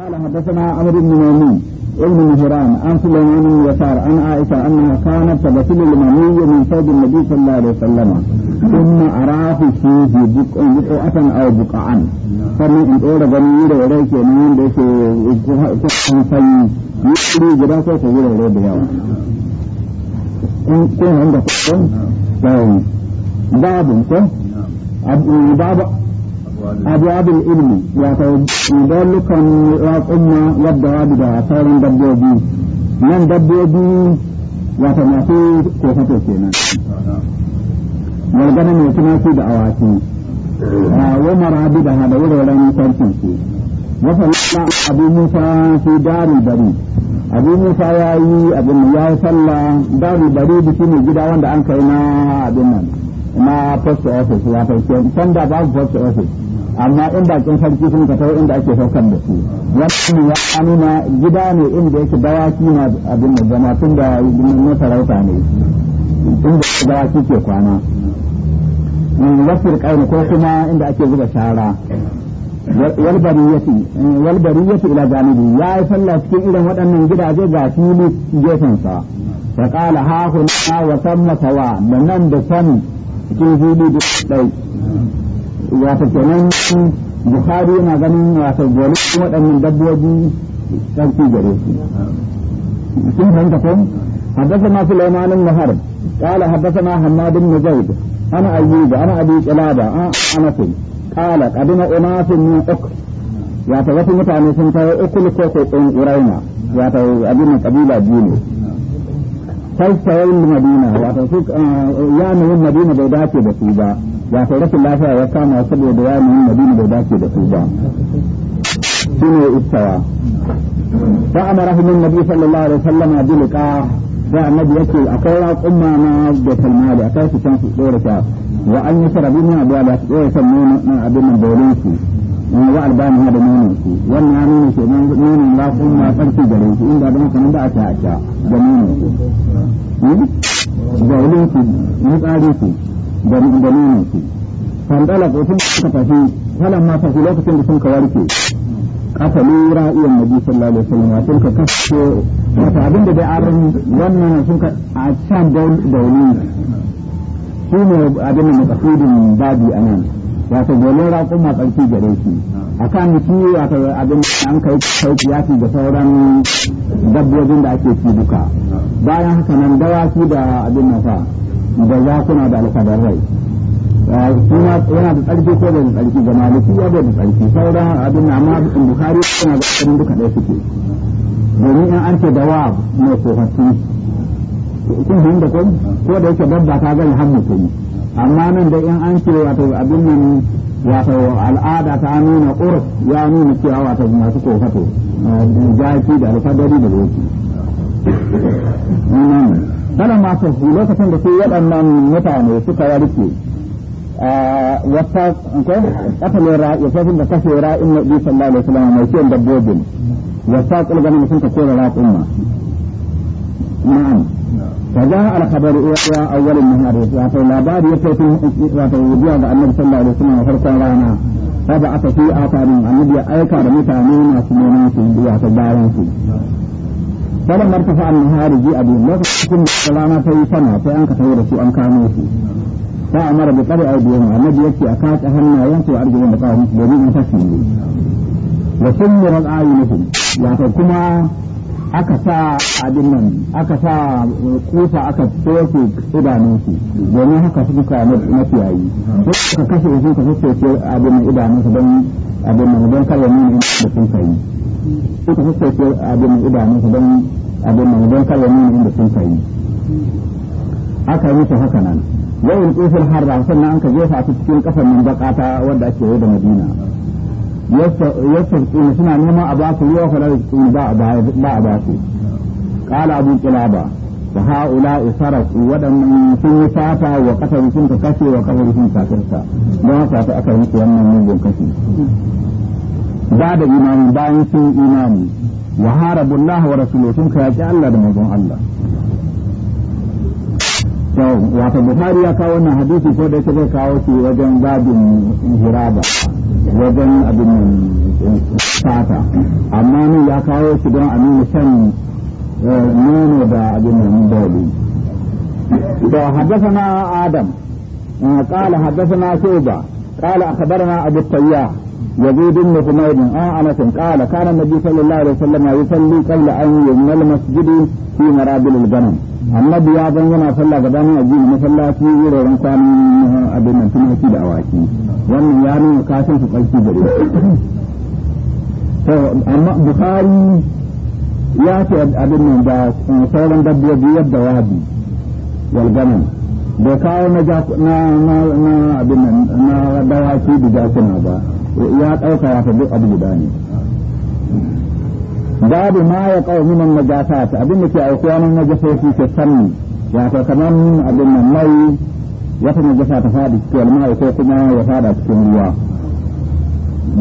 قال حدثنا عمرو بن ميمون ابن مهران عن سليمان بن يسار عن عائشه انها كانت تغسل المني من ثوب النبي صلى الله عليه وسلم ثم اراه فيه بقعه او بقعا فمن in ɗora gani da wadai ke nan da yake kusan sanyi yi guda sai ta wurare da yawa kun abuwaɗi ilimi ya ta yi yadda wadu da sauran dabbobi nan dabbobi ya ta mafi ko nan malgana mai kuma da awaki a wamar da hada wurin ran sarkin su wasa musa su dari bari abu musa ya yi abin ya yi sallah dari bari da shine gida wanda an kai na abin nan na post office ya kai can da babu post office amma in bakin sarki sun kafa inda ake saukar da su wannan ya nuna gida ne inda yake dawaki na abin da zama tun da masarauta ne inda dawaki ke kwana wasir kaina ko kuma inda ake zuba shara walbariyati walbariyati ila janibi ya yi sallah cikin irin waɗannan gidaje ga fili sa fa qala ha hunna wa samma sawa nan da san cikin fili da wato kenan bukhari yana ganin wato gonin waɗannan dabbobi sarki gare su sun fahimta ko حدثنا سليمان بن حرب قال حدثنا حماد بن زيد انا ايوب انا ابي قلابه انا انس قال قدم اناس من يا متاني سن تاي كوكو يا قبيله sai madina wato su eh, ya madina bai dace da su ya sai rashin lafiya ya kama saboda ya nuna madina bai dace da su ba shi ne istawa fa amara humin nabi sallallahu alaihi wasallam da annabi yake akwai raƙumma na da talmali akai su can su dora ta wa an yi sarabi abuwa da su san abin nan su wa albani da nonon su ya nuna ke nan nonon raƙumma tsarki gare su inda don ba a ta a ta da su hmm? da dalilin su fandala ko tun suka tafi halan ma tafi lokacin da sun ka warke lura ra'iyan nabi sallallahu alaihi wasallam sun ka kashe wata abin da dai aron wannan sun ka a can da dauli shi ne abin da makasudin babi a nan wato golin raƙon tsarki gare shi a kan mutu wato abin da an kai kai kiyasi da sauran dabbobin da ake ci duka bayan haka nan dawaki da abin nan fa da kuna da alkadar rai kuma yana da tsarki ko da tsarki ga maliki ya bai da tsarki sauran abin na ma in bukari suna da tsarki duka ɗaya suke domin in an ce da wa mai tsofaffi kun hin da kun ko da yake dabba ta gani har yi amma nan da in an ce wato abin nan wato al'ada ta nuna ƙurf ya nuna cewa wato masu tsofaffi eh, jaki da alfadari da doki. sanan masu su lokacin da su waɗannan mutane suka warke wata katalin ra'i sai da kashe ra'in na bi sallallahu alaihi wasallam mai kiyon dabbobin wata kulganin sun ka kora raƙin ma na'am ga annabi aka fi ta bayan su balan martafa an hariji abu lokacin da rana ta yi sama sai an ka tawo da su an kamo su ta amara da tsare aibiyan annabi yace a kace hannayen su arjuna da kawo musu domin in tashi ne wa sunnu ran ayyuhum wato kuma aka sa abin nan aka sa uh, kusa aka tsoke idanunsu domin haka su suka mafiyayi sai aka kashe su ka sassauce abin nan idanunsu don abin nan don kare nuna da sun kai ita fuskar ce abin idanunsa don abin nan don kar ya nuna inda sun kai aka yi ta haka nan in tsufin harra sannan an ka jefa su cikin kasar nan bakata wadda ake yi da madina yasta tsuna suna neman a ba su ruwa fa da ba a ba su qala abu qilaba wa haula isarafu wadannan sun yi fata wa kasar sun ka kashe wa kasar sun kafirta don haka aka yi wannan mugun kashe. ba da imani bayan sun imani wa harabullah wa rasuluhu sun ka Allah da manzon Allah to wato Buhari ya kawo wannan hadisi ko da yake zai kawo shi wajen babin hiraba wajen abin fata amma ni ya kawo shi don a nuna shan nono da abin nan dole to na adam قال حدثنا soba. قال أخبرنا أبو الطياح يزيد بن حميد عن أنس قال كان النبي صلى الله عليه وسلم يصلي قبل أن يبنى المسجد في مرابل الغنم annabi ya zan yana sallah gabanin addini masallaci wuraren kwanan abin nan tumaki da awaki wannan ya nuna kashin su ƙarfi gare to amma ya ce abin nan da sauran dabbobi yadda wadi wal da kawo na dawaki da jakuna ba ya ɗauka ya duk abu guda ne babu ma ya kawo minan na najasa ta abin da ke aukuwa nan najasoshi ke sanni ya ta kamar abin nan mai wata na najasa ta faɗi cikin almai ko kuma ya faɗa cikin ruwa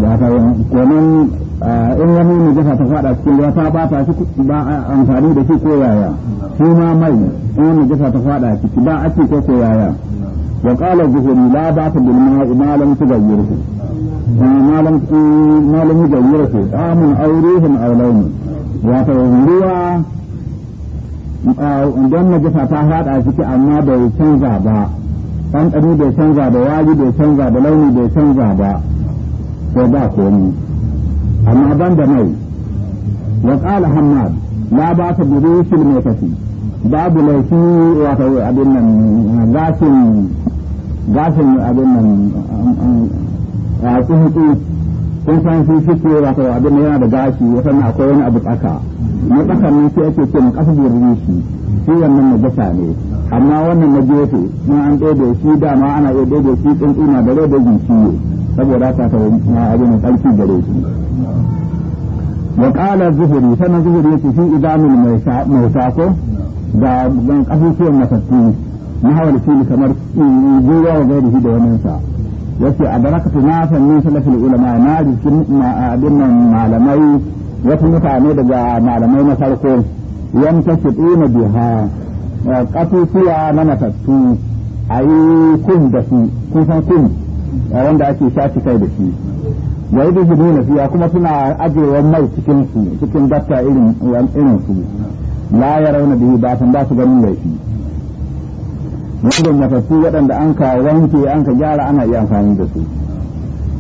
ya ta kwanan Ah, in wani ne jafa ta fada cikin ruwa ta ta shi ba amfani da shi ko yaya shi ma mai in wani jafa ta fada ciki ba a ko ko yaya wa qala zuhuri la ba ta bil ma'i ma lam tugayyirhu ah, ma lam ma lam yugayyirhu amun awrihim aw lawn wa ta ruwa ah, idan na jafa ta fada ciki amma bai canza ba ɗan bai canza ba wali bai canza ba launi bai canza ba ko ba komai amma ban da mai wa لا ya la ba باب ليسي maitati babu laifi غاسم abin nan كيف abin a kun san shi shi ke wato abin yana da gashi wasan akwai wani abu tsaka na tsaka nan shi ake ce mu kasa shi wannan najasa ne amma wannan na gefe in an ɗaya shi dama ana iya ɗaya da shi da rai da ne saboda haka ta na abin tsarki gare shi wa qala zuhri sanan zuhri yace idanul maisa mauta ko da ban kasusuwan matattu na hawar shi kamar gura wa gairi da wannan sa yace a barakatu na fannin salafin ulama na jikin abin nan malamai wasu mutane daga malamai na farko yan ta shiɗina biha kasusuwa na matattu a kun da su kun san kun wanda ake shafi kai da shi wai da hudu na fiya kuma suna ajewa mai cikin su cikin gatta irin irin su la ya rauna da ba san ba su ganin laifi wannan matattu waɗanda an ka wanke an ka gyara ana iya amfani da su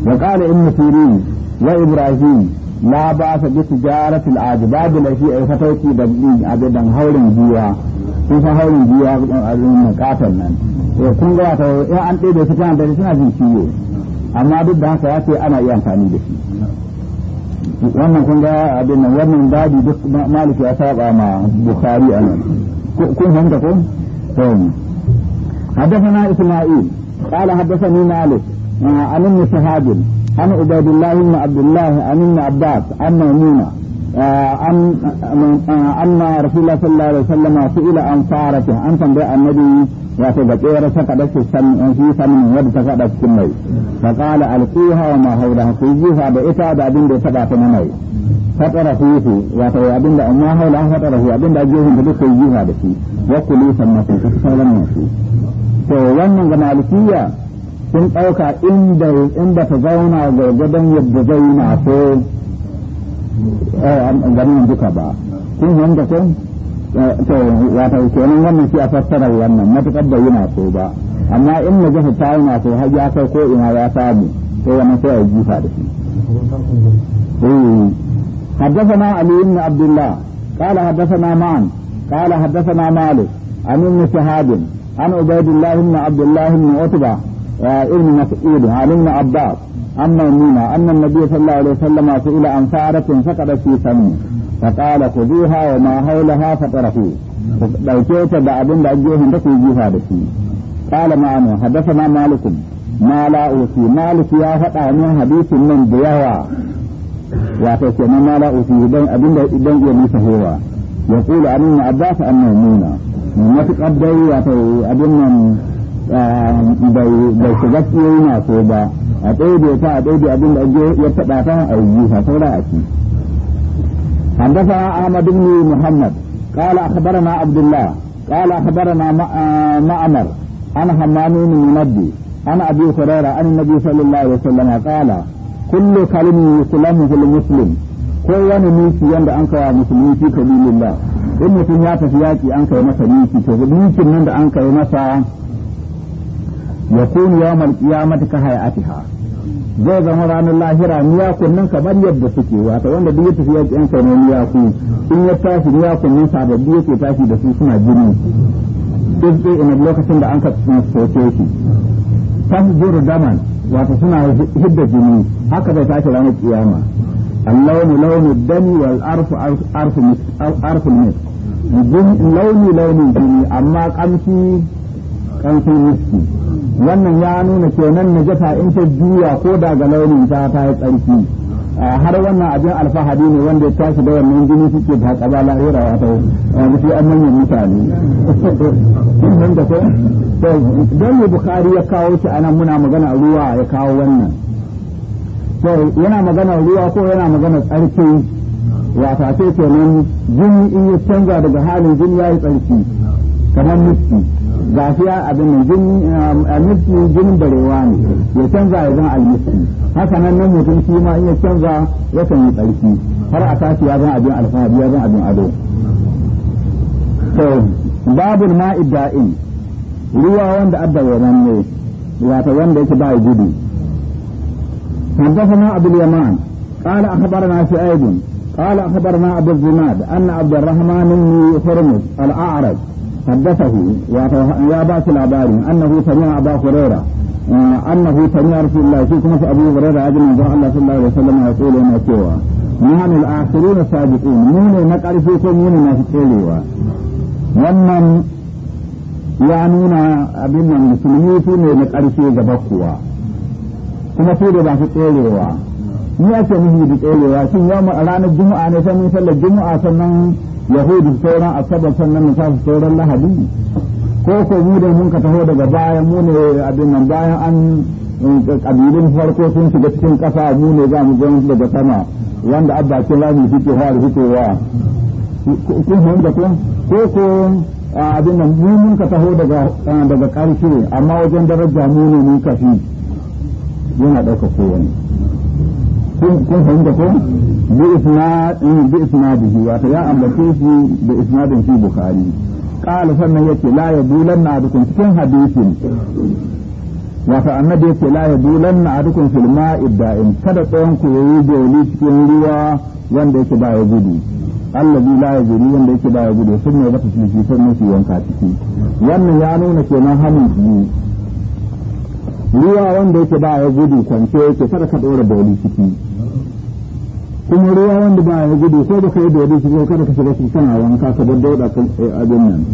wa qala inna sirin wa ibrahim la ba sa bi tijaratil ajbab la fi ay fatawti da ajadan haurin jiwa sun san haurin biya a abin katon nan to kun ga ta in an da su kan dare suna jin ciwo amma duk da haka ya ce ana iya amfani da shi wannan kun ga abin nan wannan babi duk maliki ya saba ma bukhari a nan kun fahimta ko to حدثنا اسماعيل قال حدثني مالك عن ابن عن عبيد الله بن عبد الله عن ابن عباس عن ميمونه أن رسول الله صلى الله عليه وسلم سئل عن صارته أنت أنتم بالنبي وتذكر سقطت في سمن يد سقطت في المي فقال ألقيها وما حولها سيجيها بإتا بأبن سقط من مي فترى فيه وتوى أبن ما حولها فترى فيه أبن أجيهم بدك سيجيها بشي وكلوا سمكم في منشي to wannan ga malikiya sun ɗauka inda inda ta zauna gwargwadon yadda zauna ko Eh, ganin duka ba kun ko eh, wata wannan shi a fassarar wannan matukar da yana so ba amma in na jihar ta yana so har ya kai ko ina ya samu to wannan sai a jifa da shi حدثنا علي بن عبد الله قال حدثنا معن قال حدثنا مالك عن ابن شهاب عن عبيد الله بن عبد الله بن عتبه ابن مسعود عن ابن عباس أن يمين أن النبي صلى الله عليه وسلم سئل عن سعرة فقد في سمي فقال خذوها وما حولها فطرحوا دوكيت بعدين لأجيهم بكي جيها بكي قال معنا حدثنا مالك ما لا أوفي مالك يا فتا من حديث من دياوة wato kenan ma la ufi أبن abinda idan iya يقول أن ya kula an nuna abbas an maimuna matuƙar dai wato abin nan bai a daidaita a daidai abin da ya faɗa ta a yi ha saura a ci a Ahmad ibn Muhammad قال أخبرنا عبد الله قال أخبرنا معمر عن حمام بن المنبي عن ana nabi عن النبي صلى الله عليه وسلم قال كل كلمة يسلمه المسلم kowane miki yanda an kawo musulmi fi kabilillah in mutum ya tafi yaƙi an kai masa miki to mikin nan da an kai masa ya ya mal qiyamati ka hayatiha zai zama ranar lahira miyakun nan kamar yadda suke wata wanda duk yake ya yan kai ne miyaku in ya tashi miyakun nan sababbi yake tashi da su suna jini duk ina lokacin da an ka soke shi tasdiru daman wata suna hidda jini haka zai tashi ranar kiyama اللون لون الدم والعرف عرف عرف المسك لون لون الجني أما قمتي ƙarfin riski wannan ya nuna kenan najasa in ta juya ko daga launin ta ta yi tsarki har wannan abin alfahari ne wanda ya tashi da wannan jini suke da ba la'ira ya ta yi an manyan mutane nan da ko don bukari ya kawo shi nan muna magana ruwa ya kawo wannan to yana magana ruwa ko yana magana tsarki wata ce kenan jini in ya canza daga halin jini ya yi tsarki kamar miski gafiya abin nan jini um, mulki jinin barewa ne ya canza ya zama almiski haka nan nan mutum shi ma in ya canza ya kan yi tsarki har a tashi ya zama abin alfahari ya zama abin ado to babul ma'id da'in ruwa wanda ya nan ne wata wanda yake ba gudu حدثنا أبو اليمان قال أخبرنا شعيب قال أخبرنا أبو الزناد أن عبد الرحمن بن هرمز الأعرج حدثه يا باس العبار أنه سمع أبا هريرة أنه سمع رسول الله في كما أبو هريرة أجل من الله صلى الله عليه وسلم يقول ما سوى من الآخرون السابقون من نقرف من مين ما تقولوا ومن ya nuna abin nan musulmi su ne na ƙarshe gaba kuwa kuma su da su tserewa ni ake nufi da tserewa shin yau ranar juma'a ne sai mun sallar juma'a sannan yahudu sauran asabar sannan na tafi sauran lahadi ko ko mu da mun ka taho daga baya mu ne abin nan bayan an kabilun farko sun shiga cikin kasa mu ne za mu zo daga sama wanda abba ke lami fito har fitowa kun da kun ko ko abin nan mu mun ka taho daga daga karshe amma wajen daraja mu ne mun kafi yana ɗauka kowane kun da kun بإسناده وتيا أمبتيسي بإسناد في بخاري قال سنة يتي لا يبولن أحدكم كن حديث wata annabi yake la ya bulan na adukun filma idda'in kada tsayon ku yayi joli cikin ruwa wanda yake ba gudu allazi la ya gudu wanda yake ba gudu sun ne bata tilki sun shi wanka ciki wannan ya nuna kenan hannun ruwa wanda yake ba ya gudu kwance yake kada ka dora boli ciki kuma ruwa wanda ba ya gudu ko baka yi dole shi kada ka shiga cikin kana wanka ka bar dauda kan eh, abin nan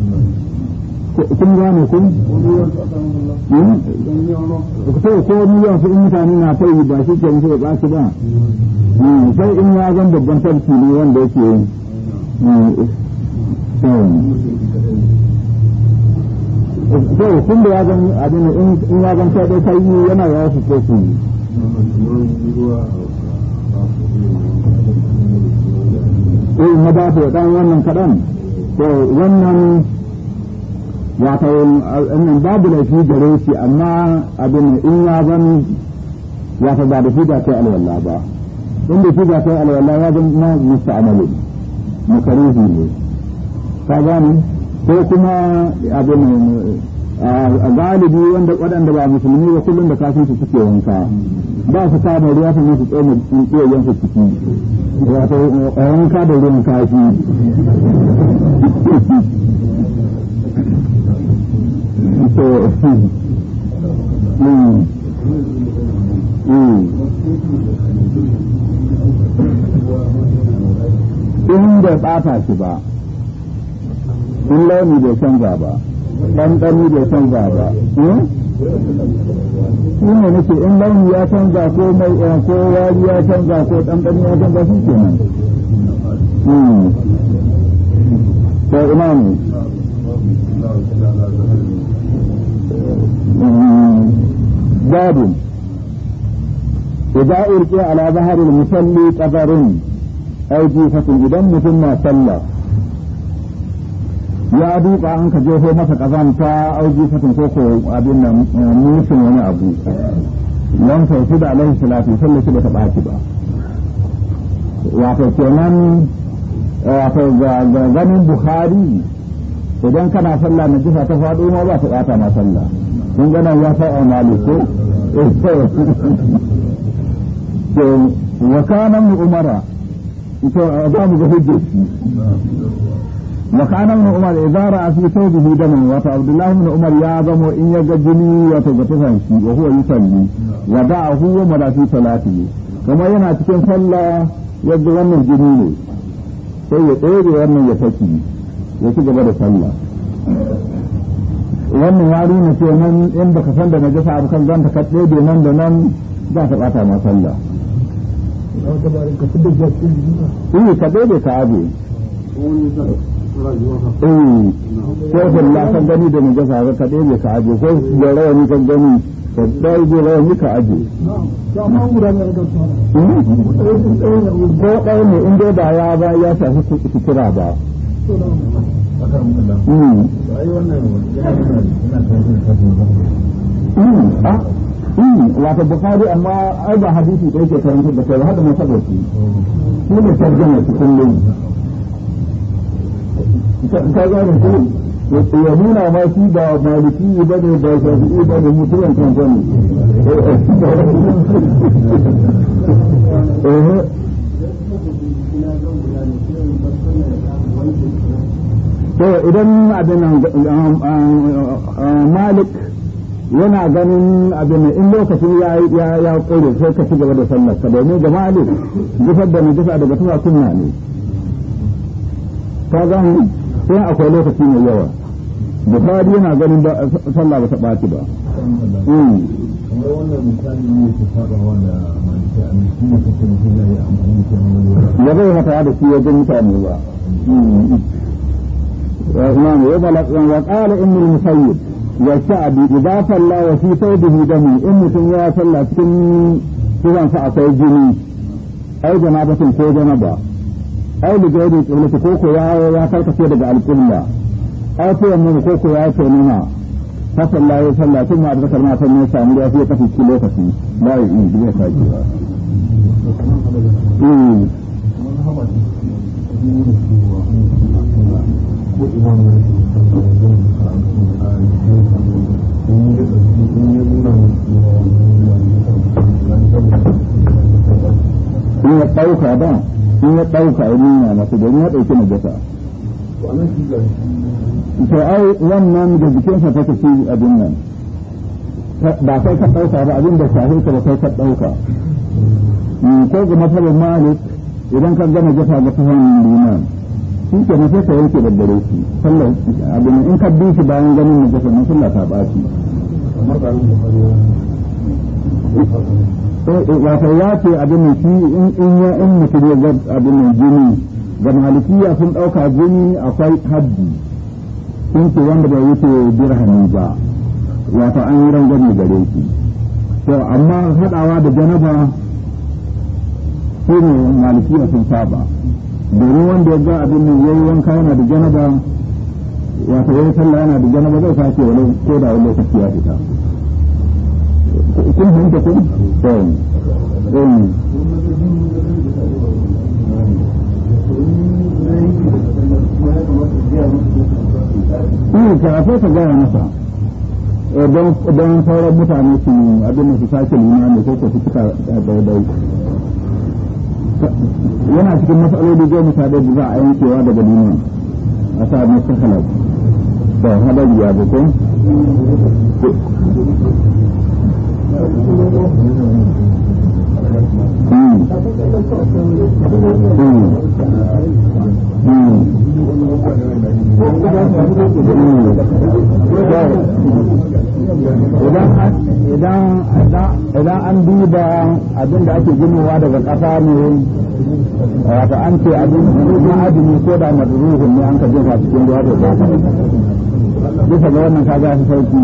kun gane kun hmm? ko ko miliyan su in mutane na ta ba shi ke musu ba shi ba hmm, sai in ya zan babban sarki ne wanda yake hmm, eh, eh, to kun da ya zan abin in ya zan sai dai kai yana yawa su ko su sai na ba su dan wannan kaɗan to wannan wato annan babu laifi gare shi amma abin in ya zan wato ba da shi da kai alwala ba in da shi da kai alwala ya zan na musta'amali makaruhi ne ka gani ko kuma abin galibi wanda waɗanda ba musulmi ba kullum da kafin su suke wanka ba su kama ruwa sannan su tsoma tsiyoyin su ciki wato ƙwaron kama ruwan kafi to hmm, hmm. in bai ɓata shi ba in launi bai canza ba ɗanɗani bai canza ba hmm? shi ne nake in launi ya canza ko mai eh, ko wari ya canza ko ɗanɗano ya canza shi ke nan. Hmm. To ne. Hmm. Babu. Idan irke ala zahar musalli kafarin aiki fasin idan mutum na sallah ya duka an ka jefo masa kazanta auji fatin koko abin nan eh, musun wani abu yan sauki da alaihi salatu sallah shi ba ta baki ba wato kenan eh, wato ga ganin bukhari idan kana sallah na jifa ta faɗo ma ba ta ɓata ma sallah kun gana ya fa a maliko wa kana mu umara ita za mu ga hujjar وكان ابن عمر إذا رأى في ثوبه دم وعبد الله بن عمر يا ظم إن يجدني وتغتفن وهو يصلي ودعه ومر في صلاته كما ينا تكون صلى يجد ون الجنين sai ya tsere wannan ya saki ya ci gaba da sallah wannan ya nuna ce nan in baka san da najasa abu kan zanta ka tsere nan da nan za ka ka eh ko la kan gani da mun gasa ka kade ne ka aje ko da rawani kan gani ka dai da rawani ka aje ko dai ne in dai ba ya ba ya shafi ku kira ba wato bukari amma ai ba hadisi da yake karanta da kai har da masabar shi ne tarjama cikin laifi ka gane ya nuna ma shi ba maliki ba ne ba shafi'i ba ne kan sani to idan abin malik yana ganin abin in lokacin ya ya ya kore sai ka ci gaba da sallar ka domin ga malik da daga tuna sunna ne ka sai akwai lokaci mai yawa bukari yana ganin ba sallah ba ta ɓaci ba ya mm. bai hata da shi wajen mutane ba نعم وقال ام المسيب والشعبي اذا صلى وفي in mutum ya salla cikin كن akwai jini الجني اي جنابه كو جنبه ai da gairi tsibilci ko ko ya ya karkace daga alƙibla ai ko yamma ko ko ya ce nuna fa sallallahu alaihi wasallam kuma a zakar ma ne samu da ya kafi cikin lokaci ba yi in biya sake ba in hmm. ya ɗauka ba in ya ɗauka a nuna masu domin ya ɗauki na gasa. To ai wannan da jikinsa ta tafi abin nan. Ba kai ka ɗauka ba abin da shahe ka ba kai ka ɗauka. Hmm, ko ga masalar Malik idan ka gama gasa ga ta hannun liman. Shi ke na sai ka yanke dare shi. Sallar abin in ka bi shi bayan ganin na gasa na sallah ta ɓaci. Eh, eh, wato ya ce abin nan shi in in ya in mutum ya ga abin nan jini ga malikiya sun ɗauka jini akwai haddi sun ce wanda bai wuce birhani ba wato an yi rangwame gare shi to amma haɗawa da janaba su ne malikiya sun saba domin wanda ya ga abin nan yayi wanka yana da janaba wato yayi sallah yana da janaba zai sake wani ko da wani lokaci ya fita kun fahimta ko to eh Eh, kafin ka gaya masa, eh, don sauran mutane su abin da su sake limani ko ko su cika daidai. Yana cikin matsaloli goma sadar da za a yankewa daga duniya a sa masa kalar. To, hadari ya bukun. idan an duba abin da ake ginowa daga ƙasa ne wato an ce abin ma'adini ko da madruhun ne an ka jefa cikin ruwa da bisa ga wannan kaga sauki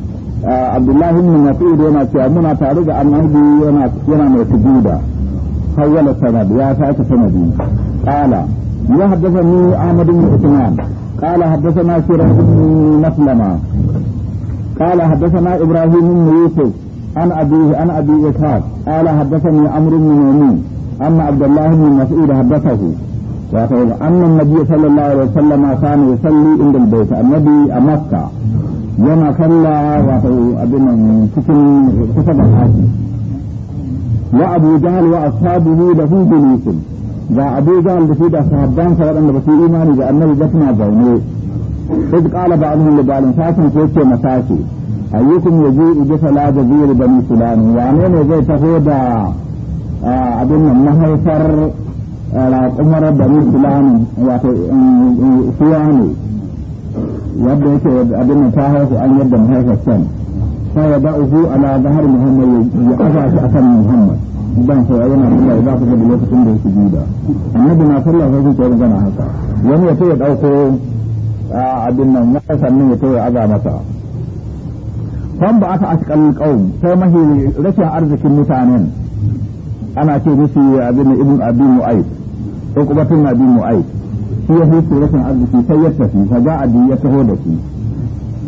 Eh, abdullahi ibn mas'ud yana cewa muna tare da annabi yana yana mai sujuda hawala sanad ya sake sanadi qala ya haddathani ahmad ibn usman qala haddathana sirah ibn maslama qala haddathana ibrahim ibn yusuf an abihi an abi ishaq qala haddathani amr ibn mumin anna abdullahi ibn mas'ud haddathahu النبي صلى الله عليه وسلم كان يصلي عند البيت النبي مكة yana kalla wato abin nan cikin kusa da haji wa abu jahl wa ashabuhu lahu julusun ga abu jahl da su da sahabban sa waɗanda ba su imani da annabi ba suna zaune sai ba annabi da balin fasan ko yake masashi ayyukum yaji'u bi salati zuri bani fulan wa ne ne zai taho da abin nan mahaifar raƙumar bani fulan wato suwa um, um, ne yadda yake abin da ta haihu an yadda mahaifar can fa ya da'uhu ala zahar muhammad ya aza shi akan muhammad ban sai yana sallah ya zafi da lokacin da yake gida annabi na sallah sai yake magana haka wani ya ce ya dauko abin nan ya sannan ya ce ya aza masa fan ba aka ashqal qaum sai mahi rashin arzikin mutanen ana ce musu abin ibn abi mu'ayyid ko kuma tun abi mu'ayyid shi ya huce rashin arziki sai ya tafi fa za a ya taho da shi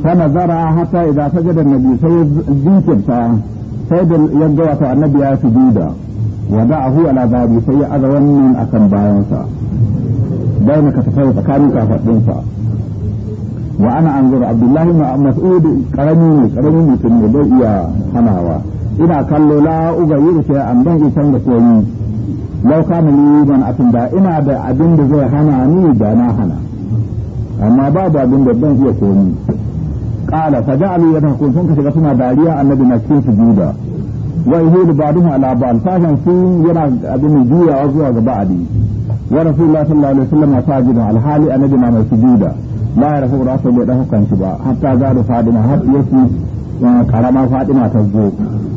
fa nazara hatta idan sajada annabi sai ya sai da ya ga wato annabi ya sujuda wa a ala babi sai ya aza wannan akan bayansa bayan ka tafi tsakanin kafaɗinsa wa ana anzura abdullahi ma mas'ud karami ne karami mutum ne bai iya hanawa ina kallo la ubayi shay'an ban isan da koyi lau kana ni ban atin da ina da abin da zai hana ni da na hana amma babu abin da ban iya komi kala fa ja'alu yadhakun sun ka shiga suna dariya annabi na cikin sujuda wa yahudu ba'dhum ala ba'd sashen sun yana abin juyawa zuwa ga ba'di wa rasulullahi sallallahu alaihi wasallam sajidun alhali annabi na mai sujuda la ya rafu rasu bai dafa kanshi ba hatta gado fadina har yake uh, karama fadima ta zo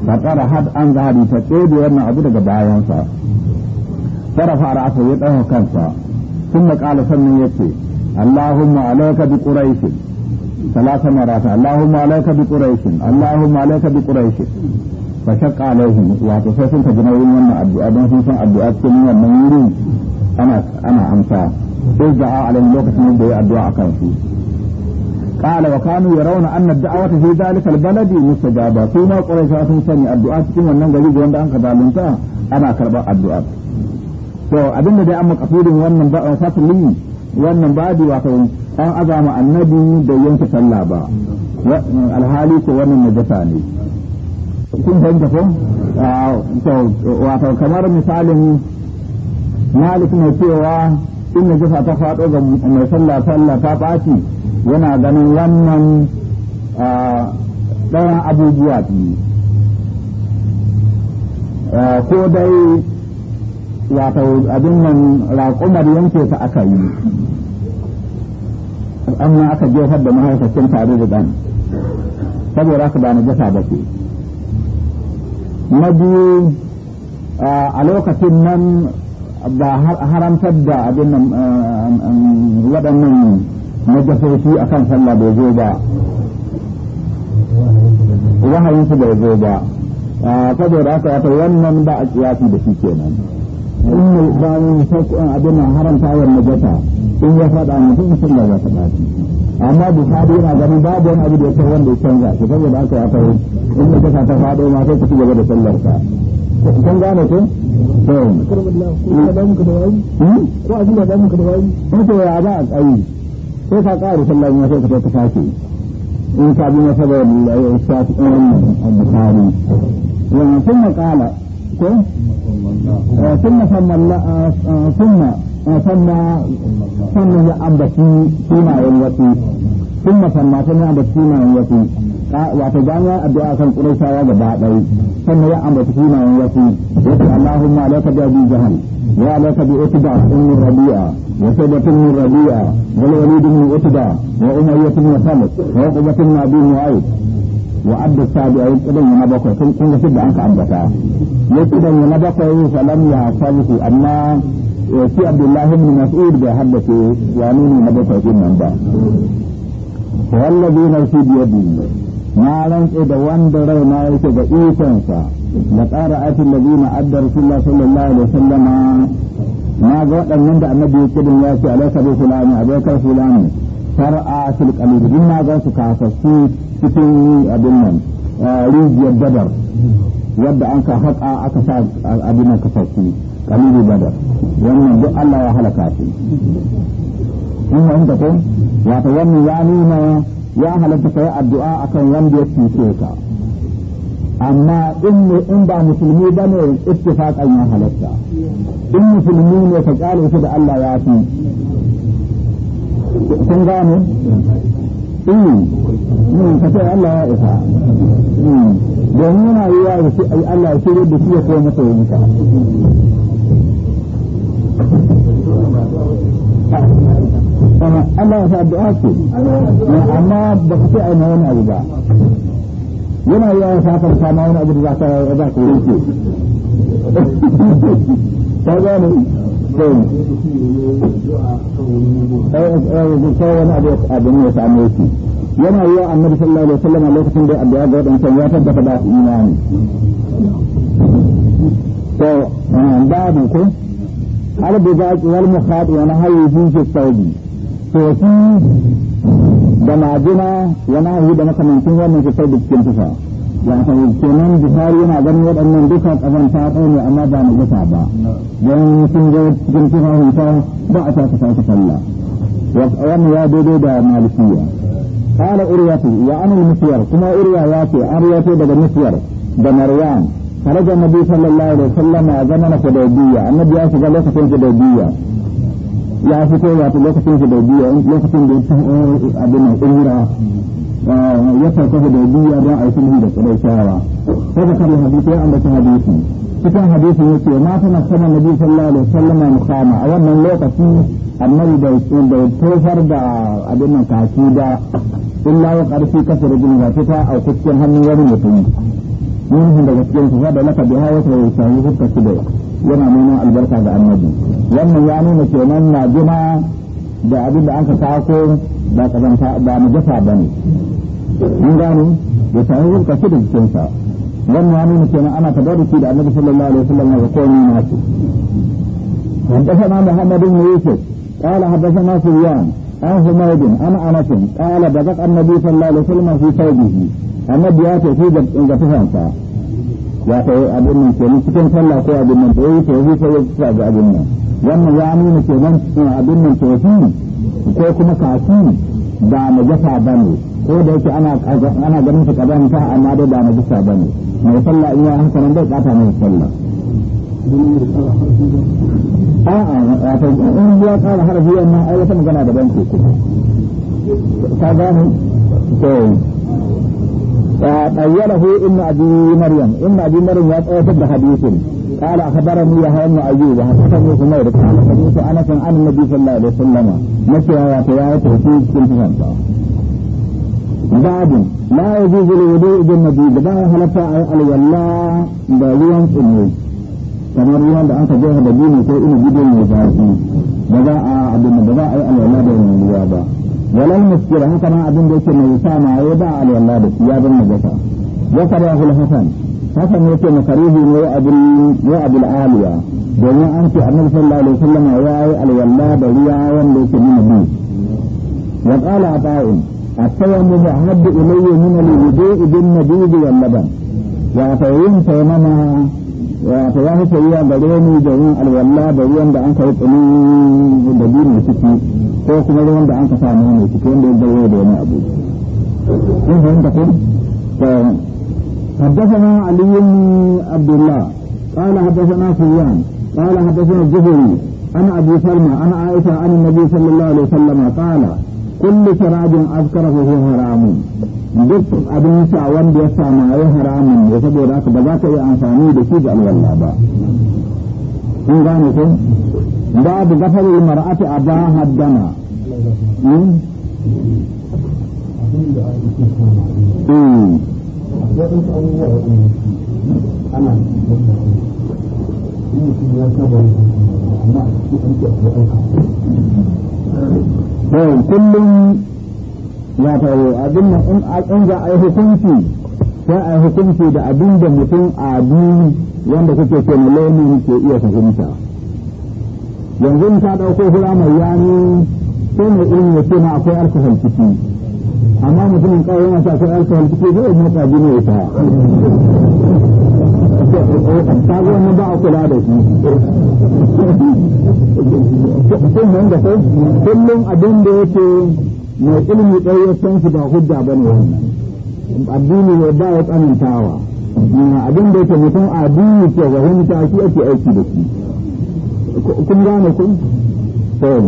ta har an gadi ta tsede wannan abu daga bayansa فرفع رأسه يدعوه كنسا ثم قال سنة يتي اللهم عليك بقريش ثلاث مرات اللهم عليك بقريش اللهم عليك بقريش فشق عليهم واتسوسن تجنوين وانا أبدو أبن سوسن أبدو أبسن وانا يرين أنا أنا أمسا ارجع على الوقت من دي أبدو أكنسي قال وكانوا يرون أن الدعوة في ذلك البلد مستجابة ثم قريش أتنسني أبدو أبسن وانا قريب وانا أنك ظالمتا أنا كربا أبدو أبسن to abinda dai an makasudin wannan ba fasili wannan babi wato an azama annabi da yanke sallah ba alhali ko wannan najasa ne kun fahimta ko ah, wato kamar misalin malik mai cewa in najasa ta faɗo ga mai sallah sallah ta ɓaci yana ganin wannan ah, ɗayan abubuwa biyu ah, ko dai wato abin nan raƙumar yanke ta aka yi amma aka jefar da mahaifacin tare da ɗan saboda aka ba na jasa ba ce na biyu a lokacin nan ba haramtar da abin nan waɗannan majasoshi a kan sallah bai zo ba wahayinsu bai zo ba saboda aka wata wannan ba a kiyasi da shi kenan in bayan sauƙin eh, abin haramta wa jata in ya faɗa mutum sun da ya faɗa amma bukari yana ganin babu wani abu da ya kai wanda ya canza shi saboda aka ya fahimci in ta faɗo ma sai ku ci gaba da sallar ka gane ko ko abin da ba da ba a tsayi sai ka ƙara sallar ma sai ka ta sake in ka bi na saboda eh, eh, sun maƙala ثم ثم ثم ثم ثم يأبتي فيما يلوتي ثم ثم ثم يأبتي فيما يلوتي wato bayan ya addu'a kan Qurayshawa gaba ɗaya sannan ya ambata sunayen wasu yace Allahumma alaka bi abi jahal wa alaka bi utba ibn rabi'a wa sabat ibn rabi'a wa walid ibn utba wa umayyah ibn khalid wa uqbat ibn abi mu'ayyid wa adda sabi ayi kidan na bakwai sun kun ga da an ka ambata ya kidan na bakwai falam ya sabihu amma fi abdullahi ibn mas'ud bai haddace ya nuni na bakwai din nan ba wallazi na fi biyadi na rantse da wanda rai raina yake ga ikonsa da tsara atin da zina adda rasulullah sallallahu alaihi wasallama na ga waɗannan da annabi ya kidin ya ce alaika bi fulani abokar fulani far'a fil qalbi na ga su kasassu cikin abin nan eh, rijiyar dadar yadda an ka haƙa aka sa abin nan kafafu kalibu badar wannan duk Allah ya halaka su in wanda ko wato wannan ya nuna ya halatta kai addu'a akan wanda ya cuce ka amma in ne in ba musulmi ba ne ittifaqan ya halatta in musulmi ne ka kyale shi da Allah ya fi kun gane Hmm. Hmm, ka ce Allah ya isa hmm. domin yana yi wa da shi Allah ya shirya da shi ya masa yin ka Allah ya sa addu'a ce amma ba ku ce a wani abu ba yana yi wa safar wani abu da za ka yi ce ta wani ya same yana yi wa annabi sallallahu alaihi wasallam a lokacin da abu ya ga wadancan ya tabbata ba su imani to babu ko har da za ki wal mukhadi wa nahyi fi saudi to shi da majina wa nahyi da makamantin wannan shi cikin tufa ya san nan bukari yana ganin waɗannan duka ƙazan ta ne amma ba mu gasa ba don sun zo cikin ba a taka sallah wani ya daidai da malikiya قال أرية وعن المسير كما أرية yace أرية daga مسير da Marwan خرج النبي صلى الله عليه وسلم زمن حديبية النبي ya shiga lokacin حديبية ya fito wato lokacin حديبية lokacin da eh, abin nan ya da biya don a yi sulhu da kudaishawa sai da kare hadisi ya ambata hadisi cikin hadisi ya ce ma tana sama nabi sallallahu alaihi wasallam mukama a wannan lokaci annabi bai tofar da abin nan kaki da illa wa karfi kasar jin ga ta a cikin hannun wani mutum mun daga cikin su da laka biha wa sai sai hukka shi da yana neman albarka ga annabi wannan ya nuna kenan na jima da abin da aka kawo ba kazanta ba jafa ba ne an gane ya tayi rinka shi da jikinsa wannan ya nuna kenan ana tabarruki da annabi sallallahu alaihi wasallam ga komai nasu حدثنا محمد بن يوسف قال حدثنا سفيان عن حميد عن انس قال بزق النبي صلى الله عليه وسلم في ثوبه النبي ياتي في جبهته ya kai abin nan kenan cikin sallah ko abin nan da yake yi sai ya ci abin nan wannan ya nuna kenan abin nan ko kuma kafi da na jafa ba ne ko da yake ana ganin su kazanta amma dai da na jafa ba mai sallah in ya haka nan bai kata mai sallah a'a in ya kara harafi wannan ai wata magana daban ke kuma da gane to طيره da قال اخبرني يا بن ايوب حدثني حمير قال حديث انس عن النبي صلى الله عليه وسلم مكيا وطياء yaya كل فرنسا باب لا يجوز الوضوء بالنبي بدا هلتا a yi سنوي kamar ruwan da aka jefa da gini ko ina gido mai zafi ba za a abin da za a yi alwala da yin ruwa ba walal muskira haka ma abin da yake mai sa ma ya ba alwala da shi ya bin najasa ya karahu hasan hakan yake makarihi ne wa abul aliya domin an ce annabi sallallahu alaihi wasallam ya yi alwala da ruwa wanda yake nuna bi wa qala ata'in at-tayammu muhadd ilayya min al-wudu'i bin nabid wal laban wa tayyim taymama wa tayahu tayyiya gare ni domin alwala da ruwan da an kai tsini da bi ne ciki ko kuma ruwan da an ka samu ne ciki wanda ya bayyana da wani abu kun fahimta ko حدثنا علي بن عبد الله قال حدثنا سفيان قال حدثنا الزهري انا ابو سلمى انا عائشه عن النبي صلى الله عليه وسلم قال كل اذكر فهو حرام duk abin sha wanda ya sama ya haramun ne saboda haka ba za ka yi amfani da shi da alwala ba kun gane ko babu gafar mar'ati a ba haddana waɗansu abubuwa waɗanda su ana ya saba amma a cikin kullum ya abin nan in an za a yi hukunci sai a yi hukunci da abin da mutum a biyu wanda kuke ce malami ke iya fahimta. Yanzu ta ɗauko hura mai yani sai mai ilmi ya ce ma akwai alkohol ciki. amma mutumin kawai yana sa kai alkohol cikin zai yi mata jini ya saya ta zo na ba a kula da shi sun nan da kai kullum abin da yake mai ilimi ɗaya ya san shi ba hujja ba ne wannan addini ne ba ya tsanantawa abin da yake mutum addini ke fahimta shi ake aiki da shi kun gane kun? Sai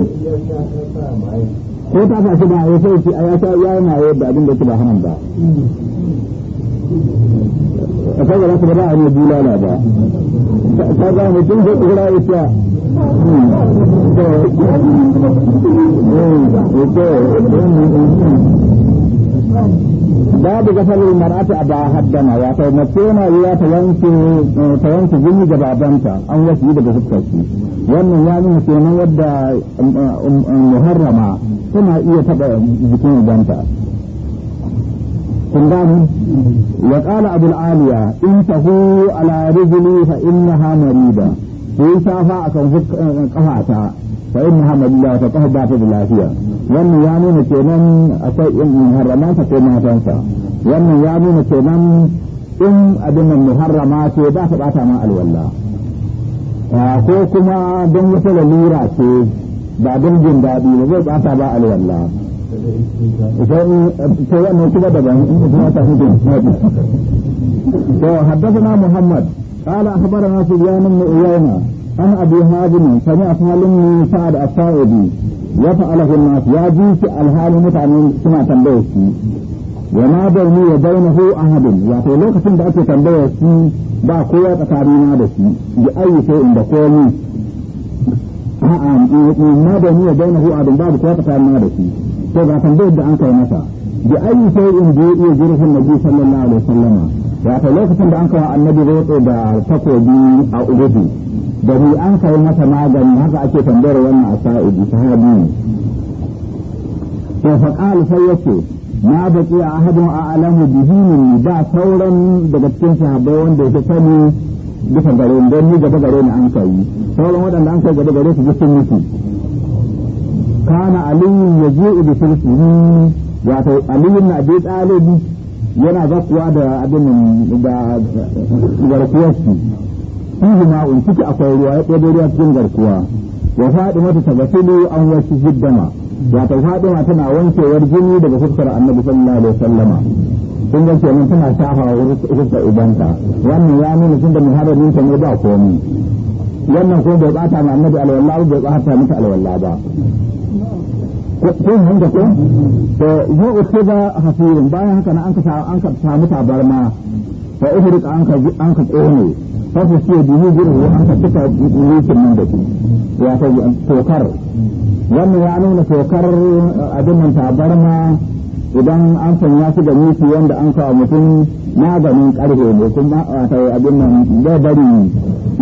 ko ta fashi da ya sai ki ya sha ya yana yadda abin da ba hanan ba a kaga za su ba a ne bulala ba ka ga mutum zai kura ya sha babu gasalar mar'ata a ba haddana ya kai mace na ya ta yanke eh, jini da babanta an wasu daga hukkarsu wannan ya nuna kenan yadda eh, eh, muharrama suna iya taɓa jikin ganta kun gani wa qala abul aliya in tahu ala rijli fa innaha marida ko safa akan kafata eh, eh, fa innaha marida ta kafa ba ta da lafiya wannan ya nuna kenan akwai in muharrama ta ko matansa wannan ya nuna kenan in abin nan muharrama ce ba ta bata ma alwala ah, ko kuma don wata lalura ce ba abin jin daɗi ba zai ɓata ba alwala sai eh, sai wannan kuma daban in mutum ya tafi jin daɗi to haddathana muhammad qala akhbarana sufyan ibn uyayna an abi hazim sami'a salim min sa'ad as-sa'idi ya fa'alahu an ya ji shi alhalin mutane suna tambayar shi wa ma bayni wa bainahu ahadun wato lokacin da ake tambayar shi ba kowa tsakanina da shi bi ayi inda da komi a'a ma da niyya bainahu abin babu ko ta ma da shi to ga tambayar da an kai masa bi ayi in bi iya jirhin nabi sallallahu alaihi wasallam ya ta lokacin da an kawo annabi roƙo da takobi a ubudu da ni an kai masa magani haka ake tambayar wannan asa'idi sahabi ne to fa qala sai yace ma baqi ahadun a'lamu bihi ba sauran daga cikin sahabbai wanda yake sani bisa gare ni don ni gaba gare ni an kai sauran waɗanda an kai gaba gare su sun mutu kana aliyu ya je ibi sulfihi wato aliyu na abin ɗalibi yana zakuwa da abin da garkuwarsu fihi ma'un ciki akwai ruwa ya ɗaya ruwa cikin garkuwa wa mata ta ne an wasu hiddama wato fadima tana wankewar jini daga fuskar annabi sallallahu alaihi wasallama kun ga mun tana shafa wa rufta ubanta wannan ya nuna tun da muharrabin ta ne ba komi wannan ko bai bata ma annabi alwala ba bai bata mata alwala ba kun hanga ko to yi utuba hafirin bayan haka na an ka an ka samu tabarma fa ihrik an ka an ka tsone fa fa sai bihi gurin an ka tuka mulkin nan da ku. ya ta tokar wannan ya nuna tokar eh, abin nan tabarma idan an sanya su da miki wanda an kawo mutum maganin karfe ne kuma wato abin nan da bari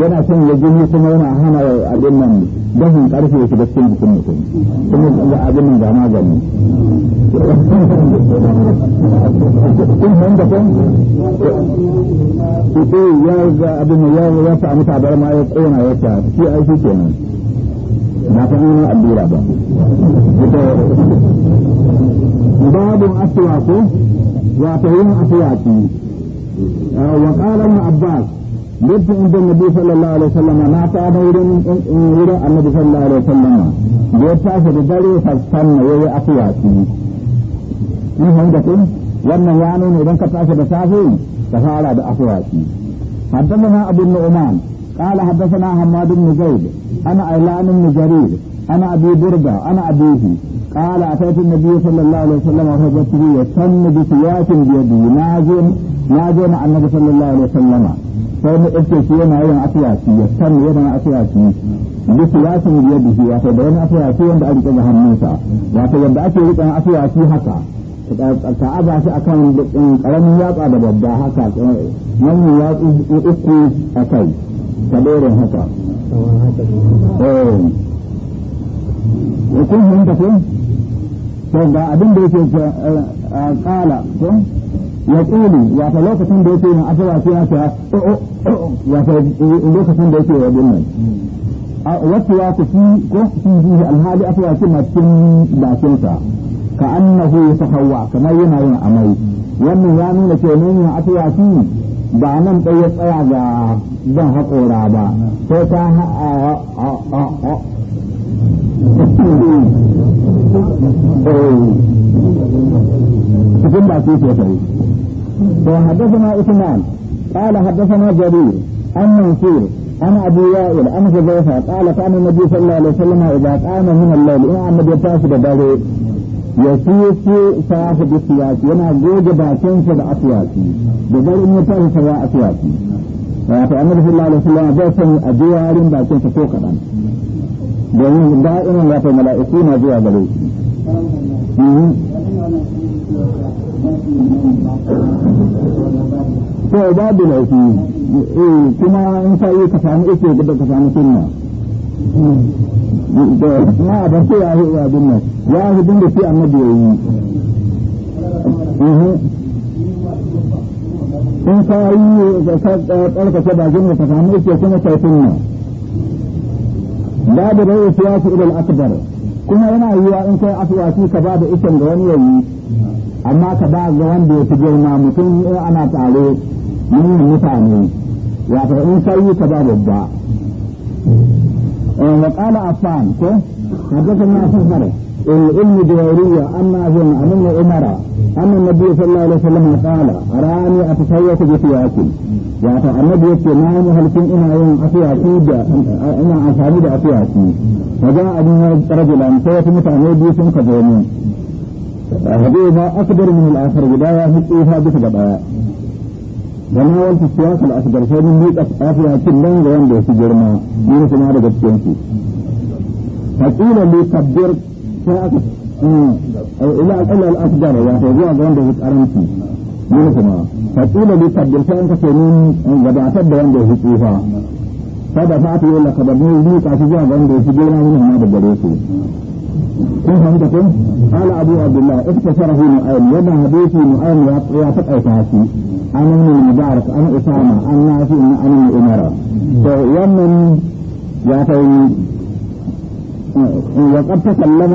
yana son ya jini kuma yana hana abin nan dahin karfe su da cikin jikin mutum kuma ga abin nan ga magani kun san da kun ito ya ga abin nan ya ya samu tabar ma ya kona ya kenan na ba babu aswaku wato yin aswaki wa qala ibn abbas yadda inda nabi sallallahu alaihi wasallam na ta da wurin wurin annabi sallallahu alaihi wasallam ya tashi da dare fastanna yayi aswaki ni hanga kun wannan ya nuna idan ka tashi da safe ka fara da aswaki حدثنا أبو النعمان قال حدثنا حماد بن زيد أنا أعلان بن جرير أنا أبي بردة أنا قال أتيت النبي صلى الله عليه وسلم به يسن بسياف بيدي ناجم ناجم عن النبي صلى الله عليه وسلم فإن إبتش ينا ينا أسياسي يسن ينا أسياسي بسياف بيده وفي بين أسياسي عند أبي تجاه النساء وفي يبدأ أسياسي عن أسياسي حتى ka سأكون shi a kan ƙaramin yatsa da babba haka manyan yatsu uku a kai ka doron to ga abin da yake eh, eh, kala ko ya kulu wato lokacin da yake yin afuwa sai ya ce oh, oh, oh, wato lokacin da yake yin nan wata ya ku fi ko fi jihi alhali afuwa ce na cikin bakinsa ka annahu sahawwa kamar yana yin amai wannan ya nuna kenan yin afuwa shi ba nan ɗaya ya tsaya ga zan haƙora ba sai ta cikin baki ke sai to haddathana Uthman haddasa haddathana Jarir an Mansur an Abu Wa'il an Hudayfa qala kana Nabi sallallahu alaihi wasallam idza qama min al-layl in annabi ya tashi da dare ya suke sahibi siyasi yana goge bakinsa da aswaki da dare in ya tashi sa aswaki wato annabi sallallahu alaihi wasallam zai san a jiwarin bakinsa ko kadan domin da'irin wato mala'iku na zuwa gare shi to babu laifi eh kuma in ka yi ka samu ike da ka samu sunna na ya yi abin nan ya da shi annabi in yi da ka samu ike kuma sunna babu siyasa ilal akbar kuma yana yiwa in kai asuwaki ka ba da ikin da wani yayi amma ka ba ga wanda ya fi girma mutum ana tare yin mutane wato in kai ka ba babba وقال عفان حدثنا سفر ابن جويرية أن أظن أن عمر أن النبي صلى الله عليه وسلم arani أراني bi بسياكم wato annabi yace na yi halkin ina yin afiyaki da ina amfani da afiyaki wajen abin ya rajulan sai wasu mutane biyu sun ka zo min hadima akbar min al guda ya fi tsufa bisa ga daya da na wanta siyasa al-asgar sai mun miƙa afiyakin nan ga wanda ya fi girma ni kuma da cikin su فقيل لي كبر ila akalla al wato zuwa ga wanda ya karanci yin kuma faƙila bi an da wanda ya fi tsufa kada fa ta ka shi ya gona ni ma da gare su kun fahimta kun ala abu abdullah iktasarahu hadisi mu'ayyim ya ya takaita shi an an usama an nafi an to ya kai وقد تكلم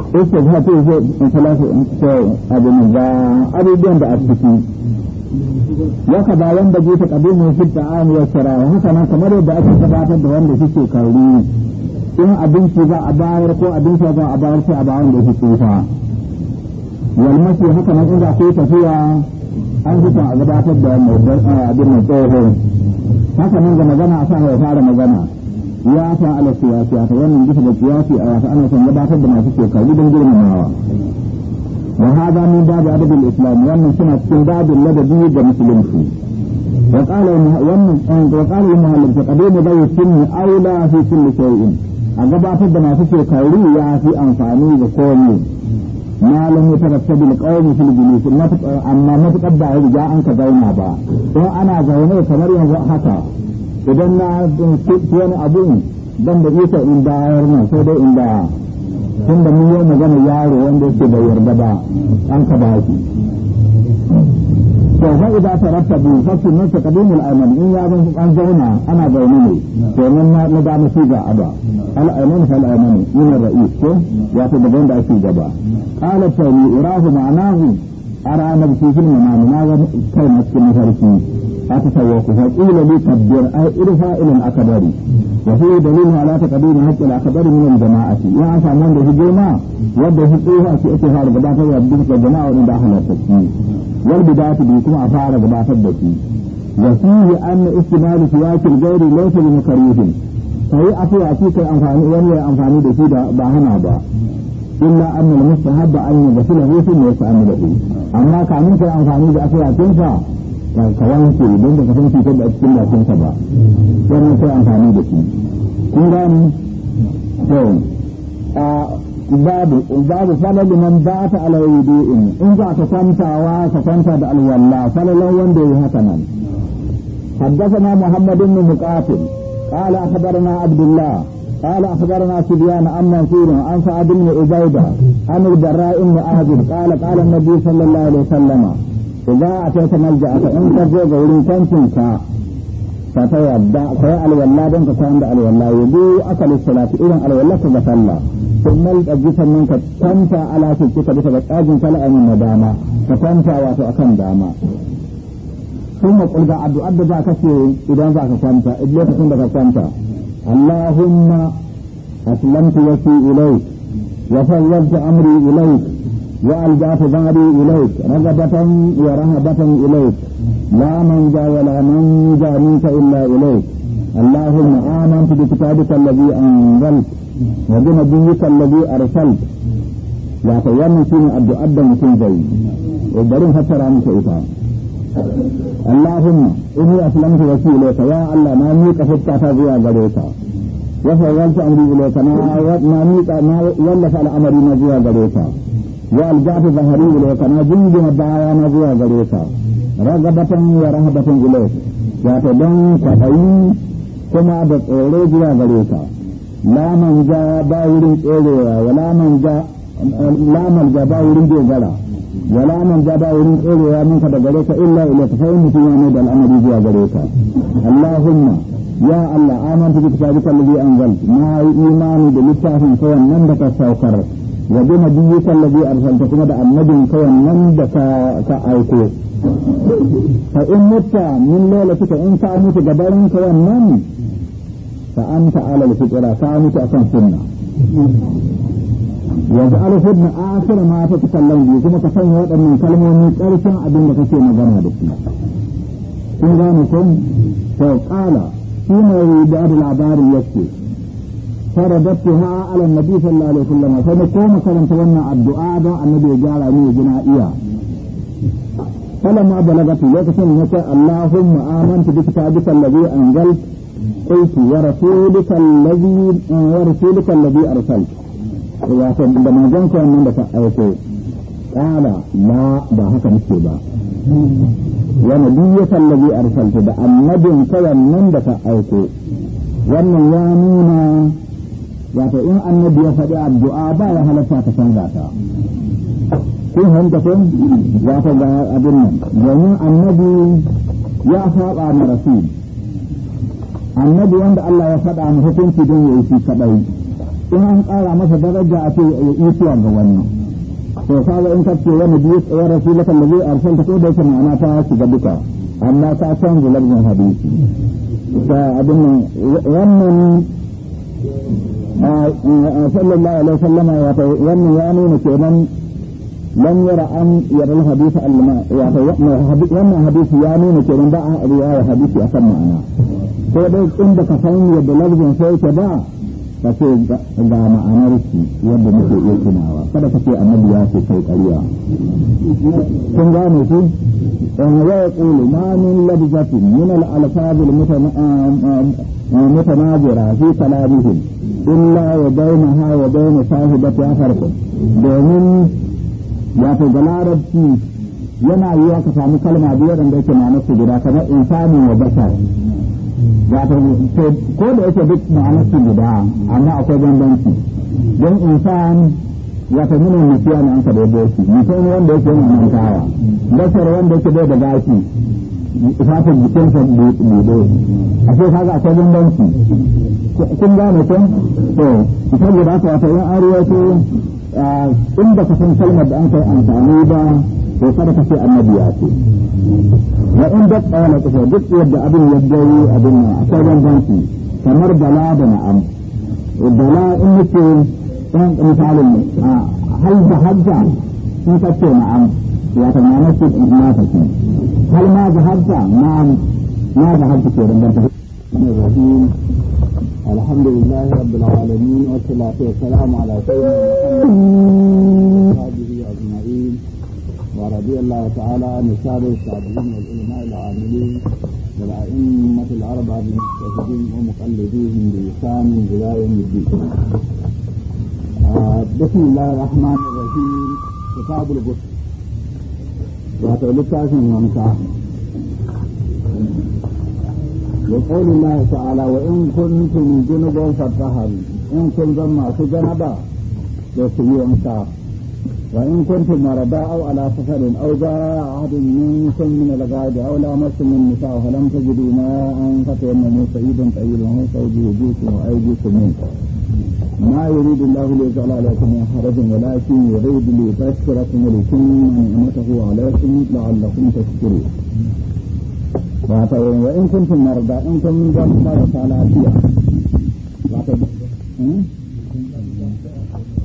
yake za ta yi in talata in ce abin da abubuwan da a ciki waka ba wanda bai ta kabilu fi ta'am ya sara haka nan kamar yadda ake gabatar da wanda suke kalli in abinci za a bayar ko abinci za a bayar sai a ba da yake tsufa wal mashi haka nan inda tafiya an fita a gabatar da mai abin mai tsoho haka nan ga magana a sa ya fara magana ya fa ala siyasi ta wannan bisa da siyasi a wasu ana son gabatar da masu shekaru don girmamawa wa hada min babu adadin islam wannan suna cikin babin ladabi ga musulunci wa qala wannan eh, wa qala inna al taqdim bayyin aula fi kulli shay'in a gabatar da masu shekaru ya fi amfani da komai ما لم يترتب القوم في الجلوس اما ما تقدر رجاء انك زونا با ana زونا kamar ينزو idan na ci wani abun ban da isa in bayar nan sai dai in baya tun da mun yi magana yaro wanda yake bai yarda ba an ka baki to fa idan ta rattabu bi kun nan ta al in ya ban an zauna ana zaune ne to nan na na da musu ga aba al fa al ina ra'is ko ya ta daban da ake gaba qala fa ni irahu ma'anahu a ranar shifin namuwa zan kai maske makarfin a ta sayo kuka tsira ni kafiyar a yi iri fa'irin aka bari wasu yau dalilin halarta ƙabilun hakkin aka bari minan jama'a ce ya amsa nan da hujjo ma wanda hujjo kake har gudanarwa duka jama'a wanda aka latsa shi wani biyata biyu kuma afara gudanarwa da shi da shi ya amna ita na da shi wakilzairi laifin makarufin ka yi asusar a cikin amfani da shi da ba hana ba. illa anna al-mustahab an yughsilahu thumma yasta'milu amma kamin kai amfani da afiyatin sa ka wanke don da ka san cutar da cikin bakin sa ba wannan sai amfani da shi kun gani to babu babu falalu man bata ala wudu'in in za ka kwantawa ka kwanta da alwalla falalan wanda yi haka nan حدثنا محمد بن مقاتل قال أخبرنا عبد الله قال أخبرنا سبيان عن منصور عن سعد بن عبيدة عن البراء بن عازب قال قال النبي صلى الله عليه وسلم إذا أتيت ملجأ فإن ترجع غير كنتك فتيبدا فيا الولاة دنك كان الولاة يدو أكل الصلاة إذا الولا تصلى ثم الجسم منك تنفع على سلكك بسبب آجن فلا ان داما فتنفع وتأكن داما ثم قل بعد ذاك كثير اذا ذاك كنت إذا كنت كنت اللهم أسلمت وفي إليك وفوضت أمري إليك وألجأت ظهري إليك رغبة ورهبة إليك لا من جاء ولا من جاء منك إلا إليك اللهم آمنت بكتابك الذي أنزلت وبنبيك الذي أرسلت وأتيمني فيما أبدو أبدا مثل زي وبرم حتى رامك إيطان اللهم إني أسلمت وسيلك يا الله ما ميك حتى تضيع غريك وفوضت أمري إليك ما ما ميك ما ولف الأمر نجوى غريك وألجأت ظهري إليك ما جندي الدعايا نجوى غريك رغبة ورهبة إليك وتدن كفين كما بتقولي جوى غريك لا من جاء باوري إليه ولا من جاء لا من جاء باوري جوى غريك wala man jaba wurin tsorewa minka da gare ka illa ila ta sai mutum ya mai da al'amari zuwa gare ka allahumma ya allah amantu bi kitabika alladhi anzal na yi imani da littafin ka wannan da ka saukar wa bi nabiyyika alladhi arsalta kuma da annabin ka wannan da ka aiko fa in mutta min lailatika in ka mutu gabarin ka wannan fa anta ala al-fitra ka mutu akan sunna وجعل هدن آخر ما تتكلم به كما تفهم هذا من كلمة من كارثة أبن كثير مغنى بسنا إن غانكم فقال فيما يريد أبو العبار يكفي فرددتها على النبي صلى الله عليه وسلم فنقوم كلم تولنا الدعاء النبي جعل أمير جنائيا فلما بلغت يكفي اللهم آمنت بكتابك الذي أنزلت قلت ورسولك الذي ورسولك الذي أرسلت wato da manzon sa nan da ka aiko kala la ba haka nake ba wa nabiyyaka allazi arsalta da annabin kawai nan da ka aiko wannan ya nuna wato in annabi ya faɗi addu'a ba ya halatta ka canza ta kun hanta ko wato ga abin nan domin annabi ya saba ma rasul annabi wanda Allah ya faɗa mu hukunci don yayi shi kaɗai. in an ƙara masa daraja a ce ya isuwa ga wannan to kaga in ka ce wani biyu ya rasu lakan da zai arsan ko da yake ma'ana ta shiga duka amma ta canza lafzin hadisi ta abin wannan sallallahu alaihi wasallam ya ta wannan ya nuna kenan lam yara an yara al-hadith ya ta wannan hadisi ya nuna kenan ba a riwaya hadisi akan ma'ana ko dai in baka san yadda lafzin sai ke ba ka ce ga ma'anar shi yadda muke iya tunawa kada ka ce annabi ya ce kai ƙarya kun gane ku in ya qulu ma min labzatin min al alfaz al ah, ah, mutanazira fi kalamihim illa wa ha wa bayna sahibati afarqu domin ya to galarabci yana yiwa ka samu kalma biyar da yake ma'anar su guda kamar insani wa bashar wato ko da yake duk ma'anar su guda amma akwai bambanci don insan wato muna mutiya ne an ka daidai shi mutum wanda yake yana mantawa basar wanda yake bai da gashi fatar jikinsa bude a ce kaga akwai bambanci kun gane ko to saboda haka wato yan yi ce in ah, ba ka san kalmar da an kai amfani ba to kada ka ce annabi ya ce wa in da tsawala kusa duk yadda abin ya gari abin nan akwai kamar bala da na'am bala in muke ɗan misalin hal da hajja sun kace na'am ya ta ma'ana ce na fashi hal ma da hajja na'am ma da hajja ke danganta الحمد لله رب العالمين والصلاة والسلام على سيدنا محمد ورضي الله تعالى عن السادة التابعين والعلماء العاملين والأئمة الأربعة المستفيدين ومقلديهم بإحسان إلى يوم الدين. آه، بسم الله الرحمن الرحيم كتاب الغسل. واتو لتاسم ومساحة. وقول الله تعالى وإن كنتم جنبا فطهروا إن كنتم معصيا جنبا فسيئوا وإن كنتم مرضى أو على سفر أو جاء أحد منكم من الغائب أو لامستم النساء فلم تجدوا ماء فتيمموا صعيدا طيبا وصوا بوجوهكم وأيديكم منه ما يريد الله ليجعل عليكم من حرج ولكن يريد ليفسركم وليتم نعمته عليكم لعلكم تشكرون. وإن كنتم مرضى إن كنتم مرضى تعالى أشياء.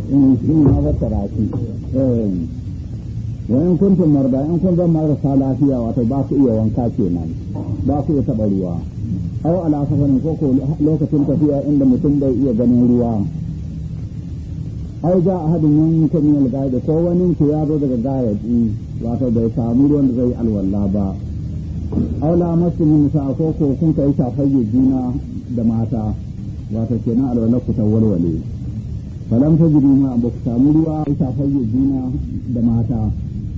in ma wata rafi eh. wa in kuntum marda in kun marasa lafiya wato ba su iya wanka kenan ba su iya taɓa ruwa au ala ko ko lokacin tafiya inda mutum bai iya ganin ruwa au ja ahadin yankum min al-ghaib ko wani ku ya zo daga gaibi wato bai samu ruwan da zai alwalla ba au la masu nisa ko ko kun kai shafar juna da mata wato kenan alwala ku ta walwale falam ta jiri ma ba ku samu ruwa ya shafar juna da mata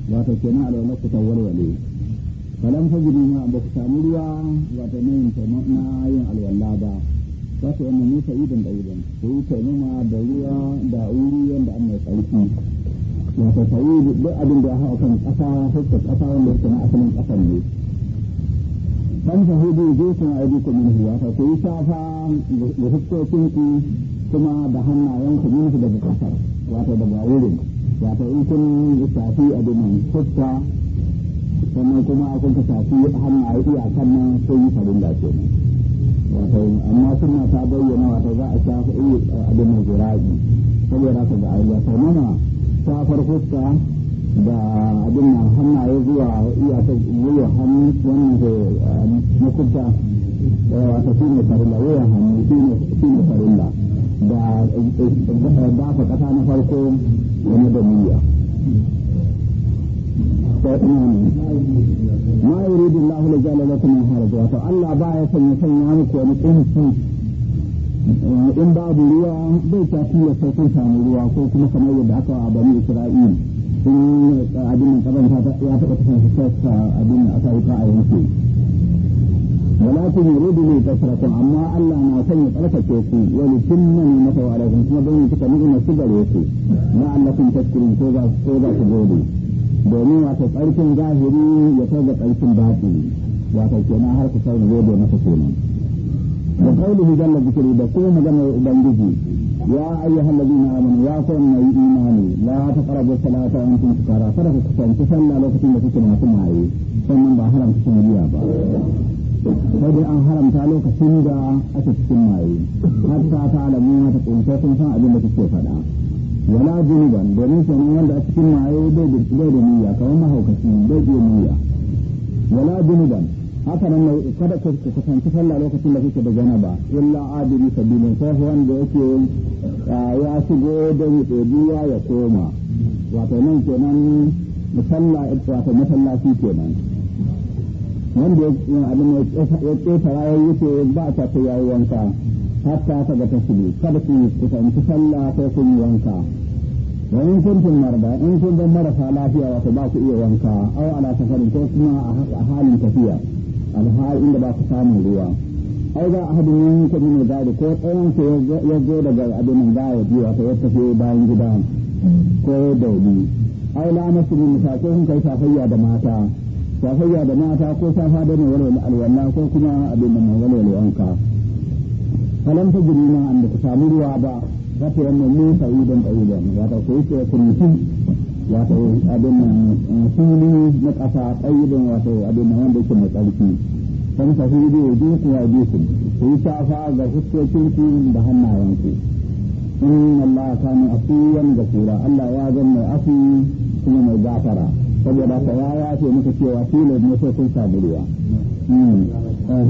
wato kenan alwala ku ta walwale falam ta jiri ma ba ku samu ruwa wato ne na yin alwala ba za ku yana musa idan da idan ku yi taimama da ruwa da wuri yadda an mai tsarki wato sayi duk abin da ya hau kan ƙasa fuskar ƙasa wanda ya na asalin ƙasar ne dan shahudu zai sun aiki ku min huwa ta ku yi safa da fuskokinku kuma da hannayen ku minhu daga kasar wato daga wurin wato in kun tafi abin domin fuska sannan kuma kun ka a hannaye iyakan nan sai yi farin da ke wato amma suna ta bayyana wato za a shafi abin eh, domin zira'i saboda ka da ariya to mana shafar fuska da abin nan hannaye zuwa ta wuyan hannu wannan ke eh, makuta eh, wato shi ne farin da wuyan dafa kasa na farko game da niyya ma yuridu Allah la jala lakum Allah ba ya sanya sanya muku wani kunci babu ruwa bai tafi ya sai ruwa ko kuma kamar yadda aka a bani Isra'il sun abin nan ya a ولكن يريد لي كثرة أما ألا ما سمي ثلاثة شيخي ولتم نعمته عليكم ثم بين تلك نعمة سجل يسي لعلكم تشكرون توبة توبة تجودي domin wata tsarkin zahiri ya kai da tsarkin baki wata kenan har ku sai gode masa kenan da kaulihi jalla zikri da kuma magana ubangiji ya ayyuhal na amanu ya kun mai imani la taqrabu salata wa antum sukara kada ku kusanci sallah lokacin da kuke masu maye sannan ba haram ku biya ba sai dai an haramta lokacin da ake cikin maye har ta alamu na ta kunsa sun san abin da kuke faɗa wala junuban domin sanin wanda a cikin maye bai da niyya kamar mahaukaci bai da niyya wala junuban haka nan mai kada ku kusanci sallah lokacin da kuke da janaba illa adili sabilin sai wanda yake ya shigo don ya ya koma wato nan kenan musalla wato masallaci kenan wanda ya abin ya tsefa ya ce ba ta ta yayi wanka hatta ta ga ta shigo kada ku kusanci sallah ko kun yi wanka wa in kuntum marda in kun zan marasa lafiya wato ba ku iya wanka au ala safarin ko kuma a halin tafiya alhal inda ba ku samu ruwa ai za a haɗu yin ne ko tsayon su ya zo daga abin da ya biyu ta ya tafi bayan gida ko ya daudi ai la masu bin ko kai safayya da mata safayya da mata ko safa da ne walwala alwala ko kuma abin da mai walwala wanka alam ta jiri na an da ku samu ruwa ba za ta yamma mu sa'i don ƙa'idan ta ku yi ce ku mutum wata abin da eh, fili na ƙasa ƙa'idan wata abin da wanda yake mai tsarki kan sahi da ya ji ku ya ji ku ku yi safa ga ku da hannayen ku in Allah kana afiyan da kura Allah ya zama mai afi kuma mai gafara saboda ka ya ya ce muka cewa tilo ne sai kun samu ruwa hmm. ah,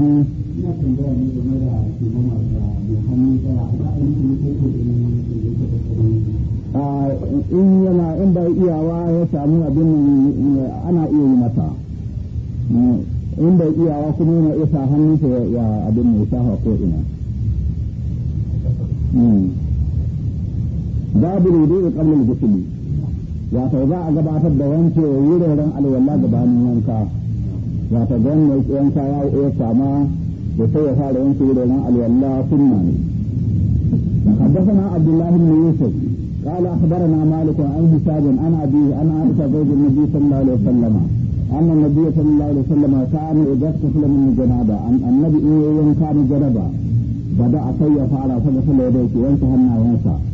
in yana in bai iyawa ya samu abin ana iya yi mata hmm. in bai iyawa kuma yana iya isa hannunsa ya abin mai shafa ko ina hmm. babu rudu da kamar gusuli ya ta za a gabatar da wanke wa yi rairan alwallah da ba nunanka ya ta zan mai tsayon kaya a iya sama da ta yi fara wance wuraren rairan alwallah sun na ne da haddasa na abdullahi mai yi sai kala haɗar na malikan an hisabin sajin an abi an a isa zai jin nabi sallama an na nabi sallallahu ala'uwa sallama ta ne a gaske filamin janaba an nabi iya yi yanka ni janaba ba da a kai ya fara sabasa lai da ke yanka hannayensa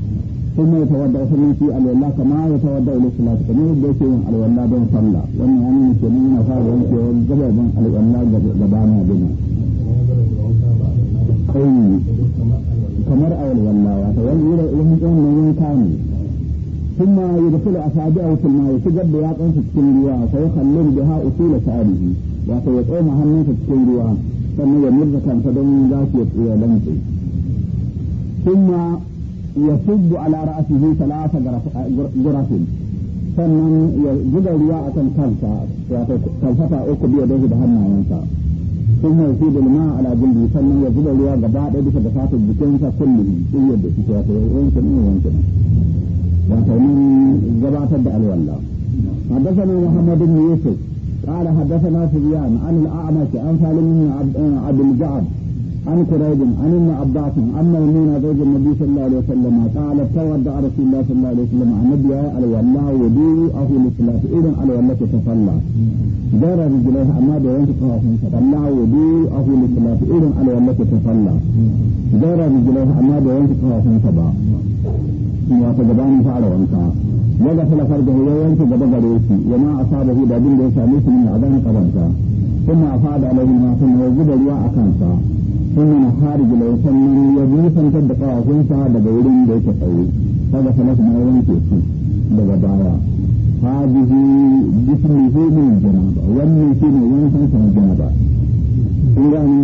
sai ne ta wadda asalin shi alwallah kama ya tawadda wadda ila kamar yadda yake yin alwallah don salla wannan yana nuna cewa yana fara wanke wani gababan alwallah ga gaba na gina kamar alwallah wata wani da wani a sadi a wucin ya ci ya ƙansu cikin ruwa ka kallon da ha usu da ya tsoma hannunsa cikin ruwa sannan ya kansa don za su ya يصب على رأسه ثلاث جرف sannan ya buga ruwa a kan kansa wato kalfata uku biya da da hannayensa sun haifi da lima ala gulbi sannan ya buga ruwa gaba ɗaya bisa da fatar jikinsa kullum tsiriyar da gabatar da alwallah حدثنا محمد بن يوسف قال حدثنا سفيان عن الأعمش عن سالم بن عبد الجعد عن كريب عن ابن عباس عن ميمونة زوج النبي صلى الله عليه وسلم قال تودع رسول الله صلى الله عليه وسلم عن النبي على والله وديه أهل الصلاة إذا على والله تصلى دار رجليها أما دعوانك قواسهم فالله وديه أهل الصلاة إذا على والله تصلى دار رجليها أما دعوانك قواسهم فبا وتجبان فعل وانكا وغسل فرجه يوانك غضب ريسي وما أصابه دابين ليس عليه من أذان قبانكا ثم أفاد عليه ما ثم يجب الواء أكانكا sun yi hari gila ya sannan ya nisantar da kawafinsa daga wurin da yake tsaye kaga salat na wanke su daga baya ne zai min janaba wannan shi ne wani wankan sa janaba kun gane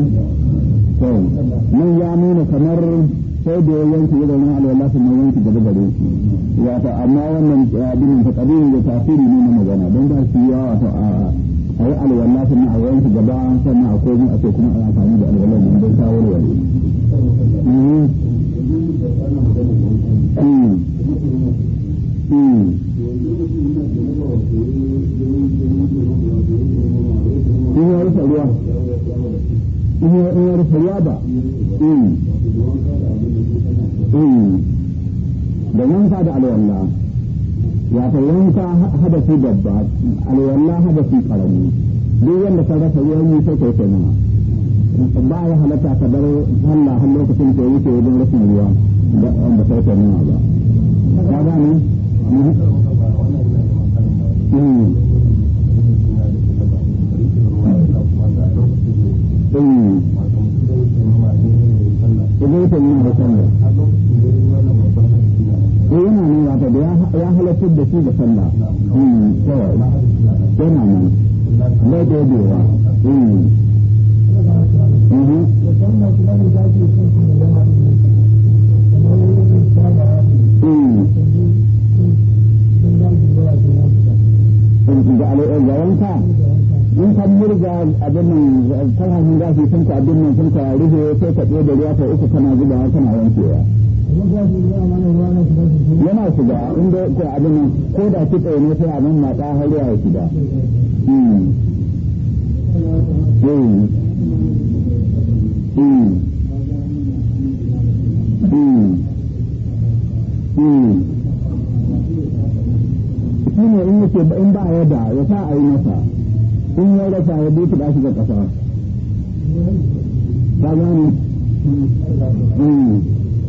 to nan ya nuna kamar sai da ya yanke ya zauna alwala sun na wanke gaba gare shi wato amma wannan abin ta kabirin da tafiri ne na magana don da shi ya wato a'a. a alwala sannan a wanke gaba sannan a komi a ce kuma a amfani da alwala da don shawarwari. da wanka wato hada su babba hada su karami duk wanda ka rasa yi sai kai kai ba ya halatta ka bar Allah har lokacin da yake wajen rashin ruwa da wanda sai kai nuna ba ka ba ni Ibu itu mana yana ne wata da ya halattar da shi da sallah yana nan na dodewa da wanka in kan murga abin nan kan hannun gashi sun ka abin nan sun ka rufe sai ka tsaye da ruwa ta uku kana zubawa kana wankewa yana shiga inda ko abin nan ko da ki tsaye ne sai abin mata har ya shiga hmm. Hmm. Hmm. shi ne in yake in ba a da ya sa a yi masa in ya rasa ya bi da shi ga kasa ta gani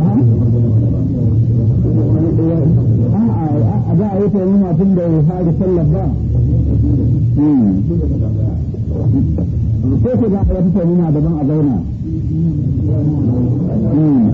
a za a yi taimama tun da ya fara sallar ba ko hmm. ku za a yi daban a zauna hmm.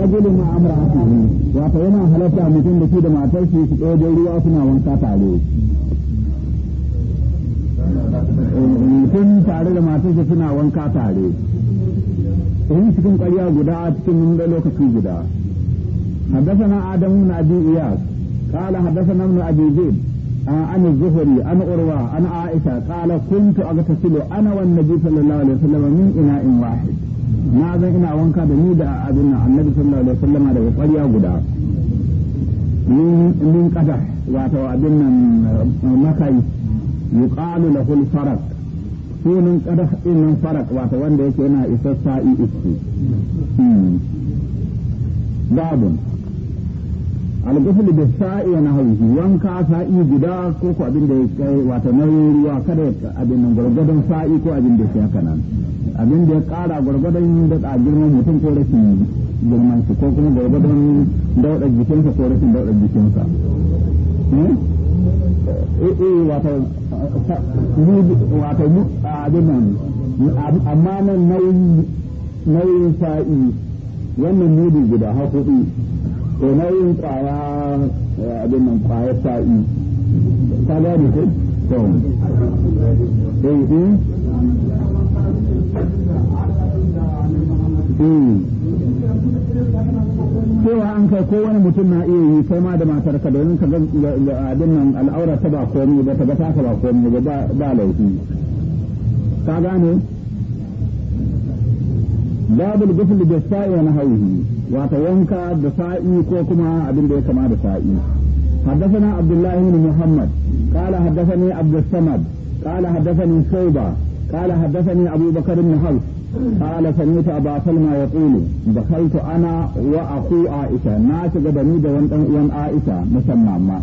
rajul ma amra'atihi wato yana halatta mutum da shi da matar shi su tsaye ruwa suna wanka tare mutum tare da matar suna wanka tare in cikin karya guda a cikin da lokaci guda حدثنا آدم بن أبي إياس قال حدثنا ابن orwa زيد aisha الزهري عن أروى عن عائشة قال كنت أغتسل أنا والنبي صلى الله عليه وسلم من إناء واحد na zan ina wanka da ni da abin nan annabi sallallahu alaihi wasallam daga ƙwarya guda min kada wato abin nan eh, makai yuqalu lahu al-farq sunan kada nan farq wato wanda yake yana isa sa'i iski hmm. babun al-ghusl bi sa'i na hawi wanka sa'i guda ko ko abin da yake wato nauyin ruwa kada abin nan gurgurdan sa'i ko abin da yake haka nan abin da ya kara gwargwadon yi da a girman mutum ko rashin girman shi ko kuma gwargwadon dauɗa jikinsa ko rashin dauɗa jikinsa hmm? eh, eh, wata abin nan amma nan nauyi nauyin sa'i wannan mudu guda hakuɗi to nauyin kwaya abin nan kwaya sa'i ta gani ko to eh, hmm? cewa an kai ko wani mutum na iya yi kai ma da matar ka domin ka ga abin nan al'aura ta ba komi ba ta ga ta ba komi ba ba laifi ka gane babu gufli da sa'i na nahwihi wato wanka da sa'i ko kuma abin da ya kama da sa'i حدثنا عبد الله بن محمد قال حدثني عبد الصمد قال حدثني شوبة قال حدثني أبو بكر بن قال سمعت ابا سلمى يقول دخلت انا واخو عائشه ما ده وان دان عائشه مسمى ما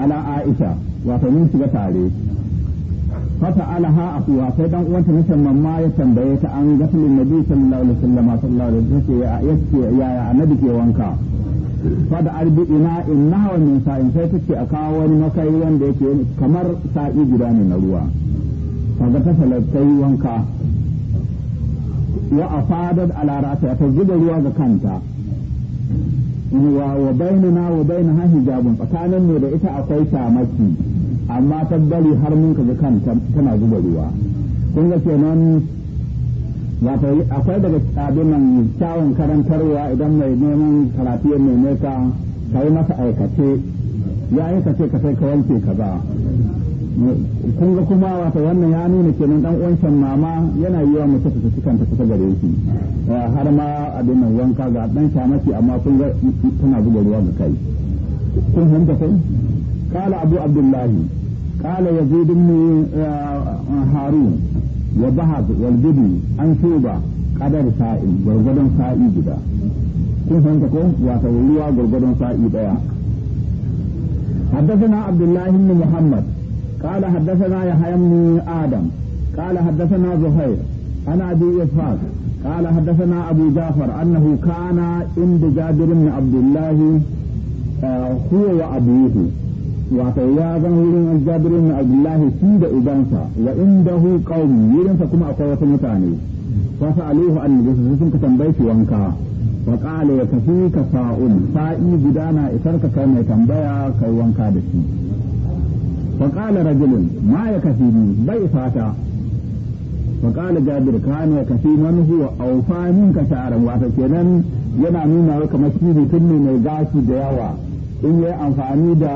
على عائشة وفمن شغت عليه فسألها أخوها فإذا وانت مسمى ما يتنبيت عن غسل النبي صلى الله عليه وسلم صلى الله عليه وسلم يا يا يا وانكا fada arbi ina in nahawa انها من سائن take a kawo wani makai wanda yake kamar sa'i guda ne na ruwa kaga ta wa afadat ala ra'sa ta zuba ruwa ga kanta wa wa bainana wa bainaha hijabun tsakanin mu da ita akwai tamaki amma ta bari har mun ga kanta tana zuba ruwa kun ga kenan wato akwai daga abin nan karantarwa idan mai neman karatiyar mai neme kai masa aikace ya aikace ka sai ka wanke ka ba. kun ga kuma wata wannan ya nuna kenan dan uwan shan mama yana yiwa mace ta tafi kanta kusa gare shi eh, har ma abin nan wanka ga dan shamaki amma kun ga tana buga ruwa ga kai kun hanta kai qala abu abdullah kala yazid ibn eh, harun wa bahad wal bibi an shuba qadar sa'i gurgudun sa'i guda kun hanta ko wata ruwa gurgudun sa'i daya حدثنا عبد الله بن محمد قال حدثنا يحيى بن آدم قال حدثنا زهير عن أبي إسحاق قال حدثنا أبو جعفر أنه كان عند جابر بن عبد الله هو وأبوه wato ya zan wurin jabirin na abdullahi shi da ubansa wa inda hu qaumi wurinsa kuma akwai wasu mutane fa sa'aluhu an nujusu sun ka tambaye shi wanka wa qala ya tafi ka sa'un sa'i gudana isar ka kai mai tambaya kai wanka da shi فقال رجل ما يكفيني بي فاتا فقال جابر كان يكفيني هو أوفى منك شعرا واتكينا yana nuna wa kamar shi mutum ne mai gashi da yawa in yi amfani da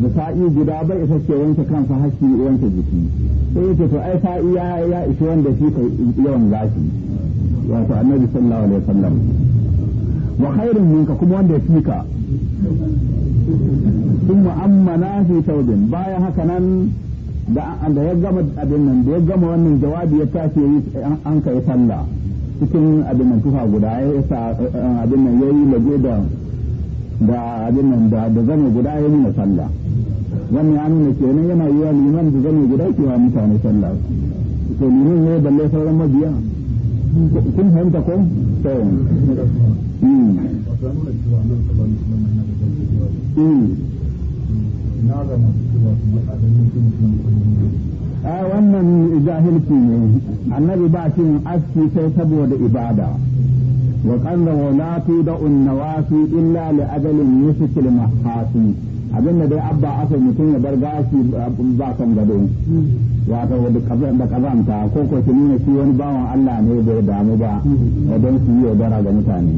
da sa'i guda bai isa ce wanke kansa hashi wanke jiki sai yake to ai sa'i ya ya wanda shi ka yawan gashi wato annabi sallallahu alaihi wasallam wa kuma wanda ya fi ka sun mu'ammala fi taubin bayan haka nan da ya gama abin nan da ya gama wannan jawabi ya tashi yi an kai sallah cikin abin nan tufa guda ya sa abin nan yi laje da da abin nan da da zama guda yayi na sallah wannan ya nuna kenan yana yi wa liman da zama guda ke wa mutane sallah to liman ne balle sauran mabiya kun fahimta ko to mm a wannan jahilci ne annabi ba cin aski sai saboda ibada wa qalla wa la tud'un nawasi illa li ajalin yushkil mahasi abinda dai abba aka mutum ya bar gashi ba kan gado wato da kazan da kazanta ko ko shi ne shi wani bawan Allah ne bai damu ba don su yi yaudara ga mutane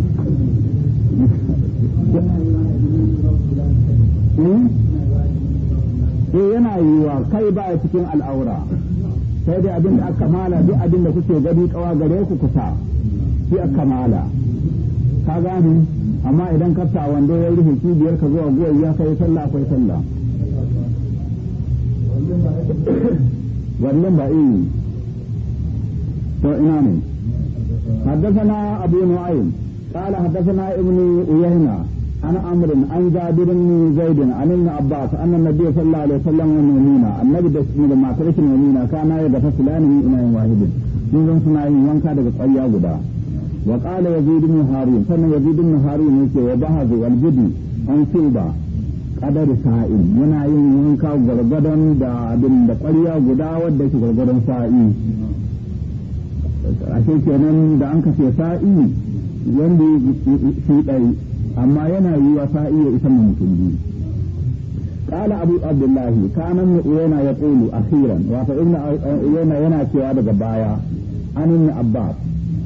Hmm? eh yana yiwa kai ba a cikin al'aura sai dai abin da aka mala duk abin da kuke gani kawa gare ku kusa shi aka mala ka gani amma idan ka sa wando ya rufe cibiyar ka zuwa guwai ya kai sallah akwai sallah wannan ba iya to ina ne haddasa na حدثنا أبو ƙala haddasa na ابن أيينة عن عمر عن جابر بن زيد عن ابن عباس ان النبي صلى الله عليه وسلم والمؤمنين النبي ده من ما ترك المؤمنين كان يغتسلان من امام واحد من سنة وانكا دغ قريا غدا وقال يزيد بن هارون فان يزيد بن هارون يكي وبهز والجد ان سيبا قدر سائل ينا ين وانكا غرغدن دا ابن ده قريا غدا ودا شي غرغدن سائل ashe kenan da an kace sa'i wanda shi ɗari amma yana yi sa iya isa mu mutum biyu. Kala Abu Abdullahi, kanan mu yana ya ƙulu a hiran, wata yana yana cewa daga baya, an yi Abbas,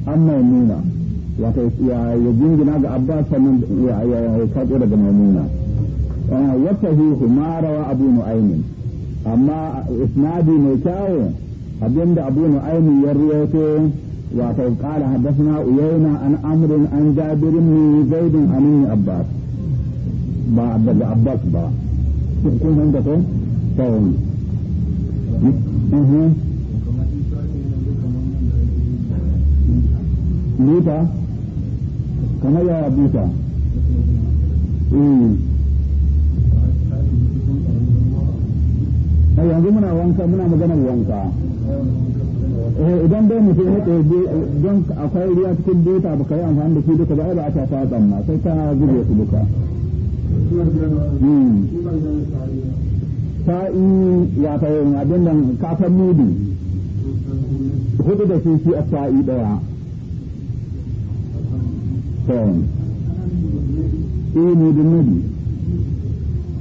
an maimuna, wata ya jingina ga Abbas sannan ya kaƙo daga maimuna. Wata hihu ma rawa Abu aini amma isnadi mai kyawun abinda Abu Nu'aymin ya riyoto وقال حدثنا أيونا عن عمرو عن جابر بن زيد عن ابن عباس با عبد عباس با تقول عندك طيب اها بيتا كما يا بيتا ai yanzu muna wanka muna maganar wanka Eh, idan dai mutum ya tsaye don akwai ruwa cikin buta ba ka yi amfani da shi duka ba ai ba a ta fa tsamma sai ka zube su duka hmm. sa'i ya ta yin abin nan kafan mudu hudu da su shi a sa'i daya eh mudun mudu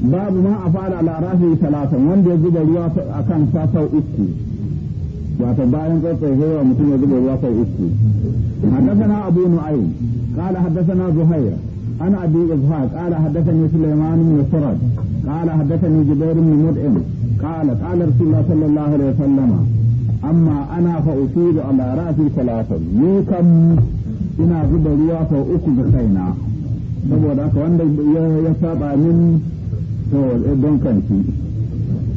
babu ma a fara larafi talatin wanda ya zuba ruwa kan sa sau uku wato bayan karfe hewa mutum ya zuba ruwa kai uku haddasana abu nu'ayi qala haddasana zuhair an abi izhar qala haddasani sulaiman bin sirad qala haddasani jibair bin mud'im qala qala rasulullah sallallahu alaihi amma ana fa da ala ra'si thalathah yukam ina zuba ruwa sau uku ga kaina saboda haka wanda ya saba min to don kanki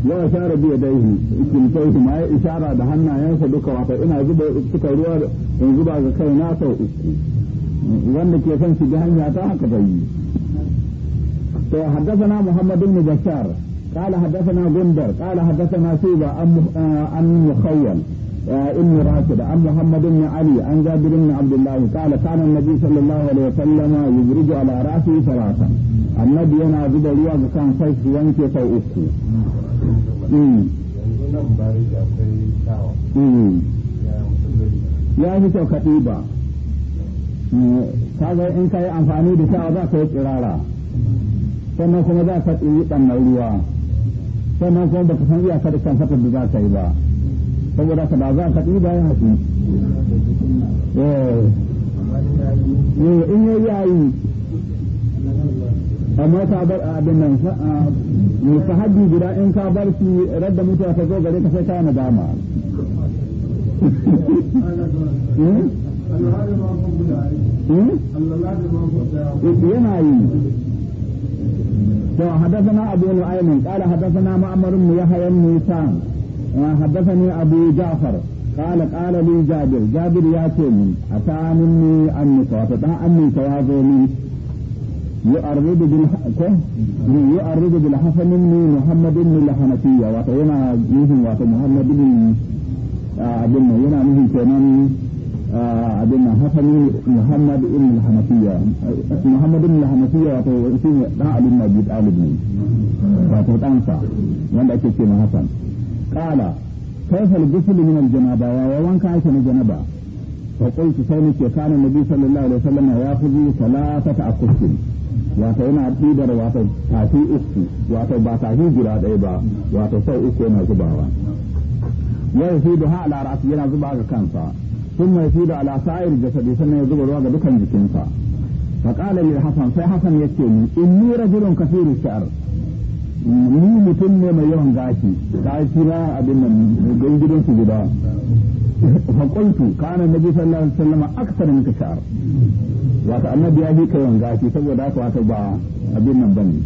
ya share biya daihi ikin tauhi ma ya ishara da hannayensa duka wata ina zuba suka ruwa in zuba ga kai na sau uku wanda ke son shiga hanya ta haka ta yi to haddasa muhammad ibn bashar قال حدثنا جندر قال حدثنا سيبة عن مخيل ابن راشد عن محمد بن علي عن جابر بن عبد الله قال كان النبي صلى الله عليه وسلم يبرج على راسه ثلاثا النبي ينا بدر كان فيه ينكي سوء ya fi kyau kaɗi ba kaga in ka yi amfani da shawa za ka yi tsirara sannan kuma za ka yi ɗannan ruwa sannan kuma ba ka san iya iyakar kan fatar da za ka yi ba saboda ka ba za ka ɗi ba ya haƙi eh. eh, in yayi amma ka bar abin nan ne in ka bar si radda mutu ka zo gare ka sai ka na dama eh? eh? yana yi to haddasa na abu yana ayyana kala haddasa na ma'amarin mu ya hayan hadasa haddasa ne abu jafar kala kala ni jabir jabir ya ce min a tanin ni an nisa wata dan an nisa ya zo يعرض بالحسن يعرض بالحسن بن محمد بن الحنفية واتو ينا نهي واتو محمد بن عبدنا ينا نهي كمان عبدنا حسن محمد بن الحنفية محمد بن الحنفية واتو اسم دعا بن مجيد آل بن واتو تانسا وانا اكتشين حسن قال كيف الجسل من الجنابة ووان كعيش من الجنابة فقلت سينك كان النبي صلى الله عليه وسلم ياخذ ثلاثة أكسل wato yana ɗibar wato tafi uku wato ba tafi guda ɗaya ba wato sau uku yana zubawa wai fi da ala ra'si yana zuba ga kansa sun mai fi da ala sa'ir jasadi sannan ya zuba ruwa ga dukan jikinsa fa qala lil hasan sai hasan ce ni inni rajulun kasiru sha'r ni mutum ne mai yawan gashi gashi na abin nan gidan su guda فقلت كان النبي صلى الله عليه وسلم اكثر من كشعر wato annabi ya bi ka yawan shi saboda haka wato ba abin nan bane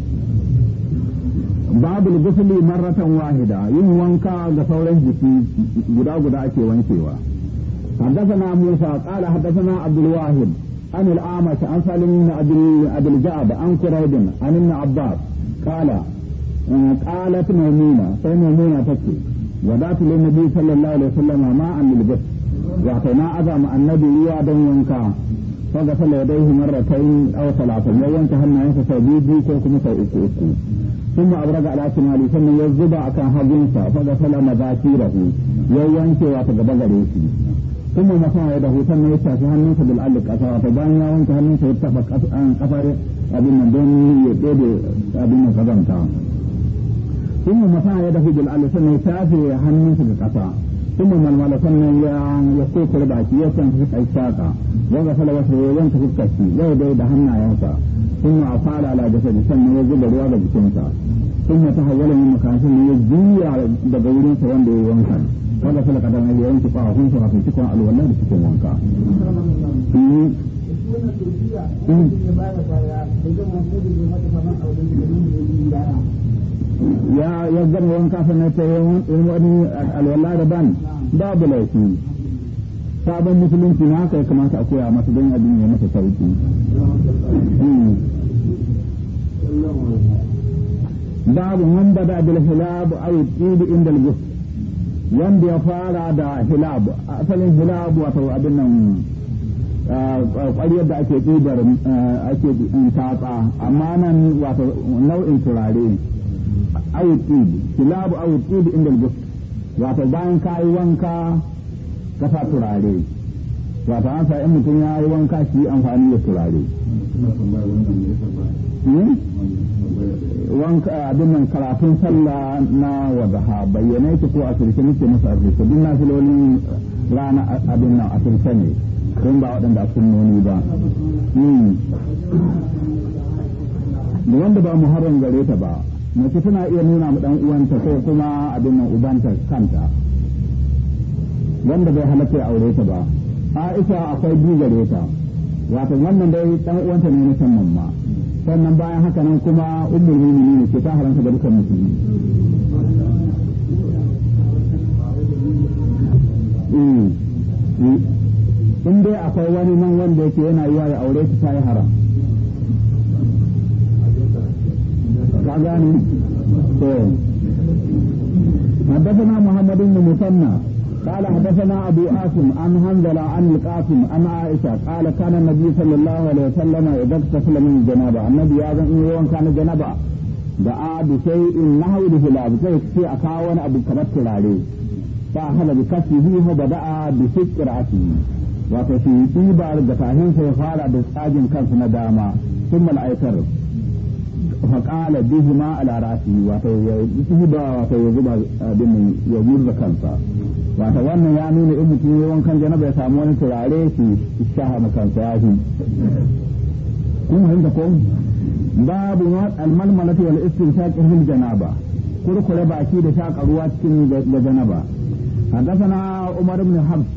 babu gusli marratan wahida yin wanka ga sauran jiki guda guda ake wankewa na musa qala na abdul wahid an al amash an salim bin abdul abdul ja'ab an quraid an ibn abbas qala qalat maymuna sai maymuna take wadatu lin nabi sallallahu alaihi wasallam ma an lil gas wato azama annabi yiwa don wanka kaga sala ya dai marratayn aw salatan ya wanka hannayensa sau biyu ko kuma sau uku uku ثم أبرد على شمالي ثم يزبع كان حجنسا فغسل مذاكيره يوانكي واتقبض ريسي ثم مسا يده ثم يشاف هنوسا بالعلق أسرى فبان يوانك هنوسا يتفق أن قفر أبن دون يبيد أبن قدمتا ثم مسا يده بالعلى سنة شافي حنيس بقطع ثم ململ سنة يقول كل باكي يسن في الشاقة وغسل وصله وينتهي الكشي لا يدعي دهنا ينسى ثم أصال على جسد سنة يزل الرواب بسنسى ثم تحول من مكان سنة يجي على دبورين سوان دي وانسان وغسل قدمه ينتقى وفنسى في الولا الولاء بسكوى ثم ya ya gama wanka sannan ta yi wani alwala da ban babu laifi sabon musulunci na haka ya kamata a koya masu don abin ya masa sauki babu man da bil hilab aw tibi inda al wanda ya fara da hilab asalin hilab wato abin nan ƙwaryar da ake tsibar ake tatsa amma nan wato nau'in turare aw tibi kilabu aw tibi inda al-ghusl wato bayan ka yi wanka ka sa turare wato an sa in mutum ya yi wanka shi amfani da turare hmm? wanka abin nan karatun sallah na wadaha bayyana ki ko a turke nake masa arziki duk na filolin rana abin nan a turke ne kun ba waɗanda a sunnoni ba hmm. da wanda ba muharram gare ta ba mace tana iya nuna mu dan uwanta ko kuma abin nan ubanta kanta wanda bai halatta ya aure ta ba Aisha akwai biyu gare ta wato wannan dai dan uwanta ne na sannan ma sannan bayan haka nan kuma ummul mu'minin ke ta haramta ga dukkan musulmi mm. Mm. in dai akwai wani nan wanda yake yana yiwa ya aure ta ta yi haram أغاني حدثنا محمد بن مثنى قال حدثنا أبو عاصم عن حنظلة عن القاسم عن عائشة قال كان النبي صلى الله عليه وسلم إذا اغتسل من الجنابة النبي هذا إن كان جنابة دعا بشيء نحو الهلال زي في أكاون أبو كبت عليه فأخذ بكفه وبدأ بشق رأسه وتشيطي بعد جفاهين سيخال بساجن كف ندامة ثم الأيسر faƙala bihima ala ra'sihi wato ya zuba wato ya zuba abin ya gurza kansa wato wannan ya nuna in mutum ya wankan janaba ya samu wani turare shi shaha kansa ya shi kun fahimta ko babu almalmalatu wal istinshaq fil janaba kurkure baki da shaka ruwa cikin da janaba حدثنا عمر بن حفص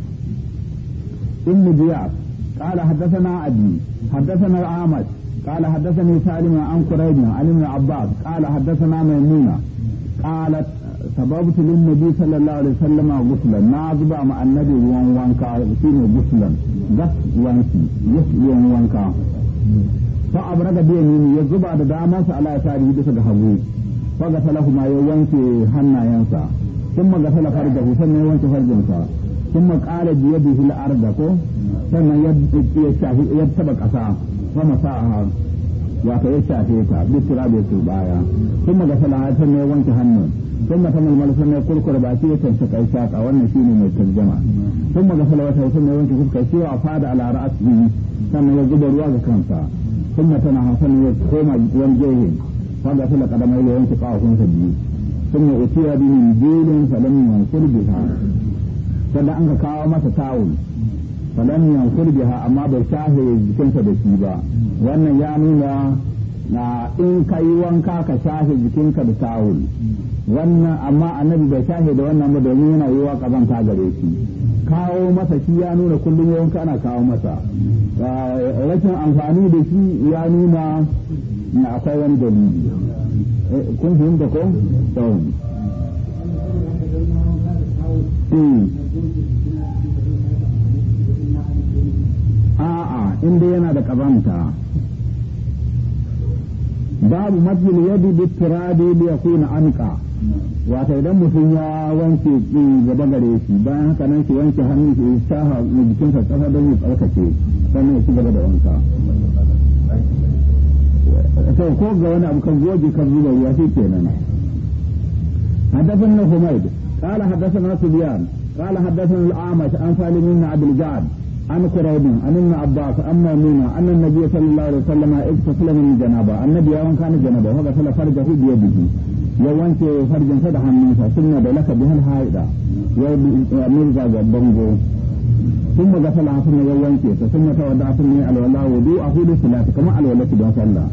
بن جياب قال حدثنا أبي حدثنا الأعمش قال حدثني سالم عن قريب عن ابن عباس قال حدثنا ميمونه قالت سببت للنبي صلى الله عليه وسلم غسلا ما زبا مع النبي وان وانكا فيه غسلا بس وانكي يس وان وانكا فأبرد بيمين يزبا دداما على يساره بس فغسله ما يوانكي حنا ينسى ثم غسل فرجه ثم يوانكي فرجه ثم قال بيده الارض كو ثم يد يتبقى ساعه sama sa a hau ya ka yi shafe ta duk su baya kun maga sana'a ta wanke hannu kun maga sana'a ta mai kurkura ba ke tansa kai shaka wannan shi ne mai tarjama kun maga sana'a ta mai wanke kuskar shi wa fada ala ra'a su yi sannan ya zuba ruwa ga kansa kun maga sana'a ta mai koma wani jehin fada sana'a ta kadamai da wanke kawo kun sabi kun maga sana'a ta mai jelin salamin wani kurbi ta sannan an ka kawo masa tawul falan yankur biha amma bai shahe jikinsa da shi ba wannan ya nuna na in ka yi wanka ka shahe jikinka da tawul wannan amma annabi bai shahe da wannan ba domin yana yiwa kazanta gare shi kawo masa shi ya nuna kullum wanka ana kawo masa rashin amfani da shi ya nuna na akwai wani dalili eh, kun fahimta ko? in dai yana da kazanta babu matsal yadi bi turabi ya kuna anka wata idan mutum ya wanke gaba gare shi bayan haka nan shi wanke hannun shi shaha jikinsa kasa don yi tsarkake sannan ya ci gaba da wanka sau ko ga wani abu kan goge kan zuba ruwa shi kenan حدثنا حميد قال حدثنا kala قال حدثنا الأعمش عن سالم بن عبد الجعد عن كريب عن ابن عباس عن ميمونة أن النبي صلى الله عليه وسلم اغتسل من الجنابة النبي أون كان الجنابة وغسل فرجه بيده يوانك فرج فدح النساء ثم بلك بها الحائضة ومرزا بنجو ثم غسل ثم يوانك ثم تودع ثم الولاء وضوءه للصلاة كما الولاة بها صلى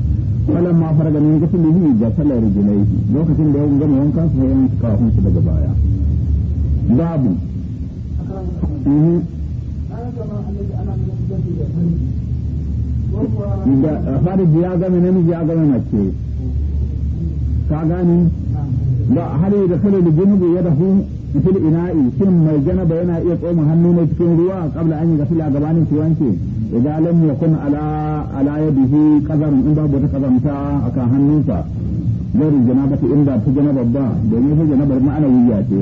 فلما فرج من غسله غسل رجليه لوكة كان جمع ينكا فهي ينكا باب da fariji ya game namiji ya mace ka gani ba har da kare da junubu ya dahu fil ina'i shin mai janaba yana iya tsoma hannu ne cikin ruwa kabla an yi gafila gabanin shi wanke idan lam yakun ala ala yadihi qadarun in babu ta kazanta akan hannunsa gari janaba in ba ta janaba ba domin ta janaba ma'ana wiyya ce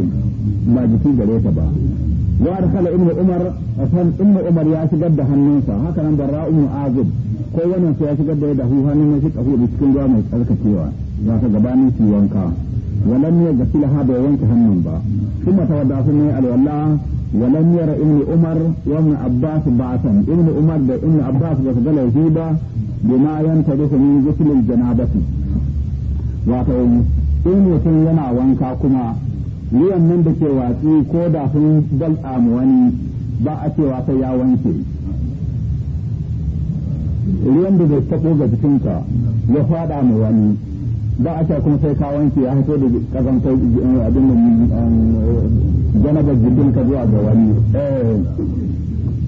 ba jiki gare ta ba ya arsala ibn umar asan ibn umar ya shigar da hannunsa haka nan da ra'um azib ko wannan sai ya shigar da yadda hannun ne shi kafu cikin ruwa mai tsarkakewa za ka gabanin su wanka walam ya ga filaha da wanke hannun ba kuma ta wadda sun alwala walam ya ra ibn umar wannan abbas ba san umar da ibn abbas ba su ga laifi ba bima yan ta da min gusulul janabati wato in mutum yana wanka kuma ruwan nan da ke watsi ko da sun bal'a mu wani ba a cewa sai ya wanke ruwan da zai taɓo ga jikinka ya faɗa mu wani ba a cewa kuma sai ka wanke ya haifo da kazanta eh, abin da eh, janabar jikinka zuwa ga wani eh,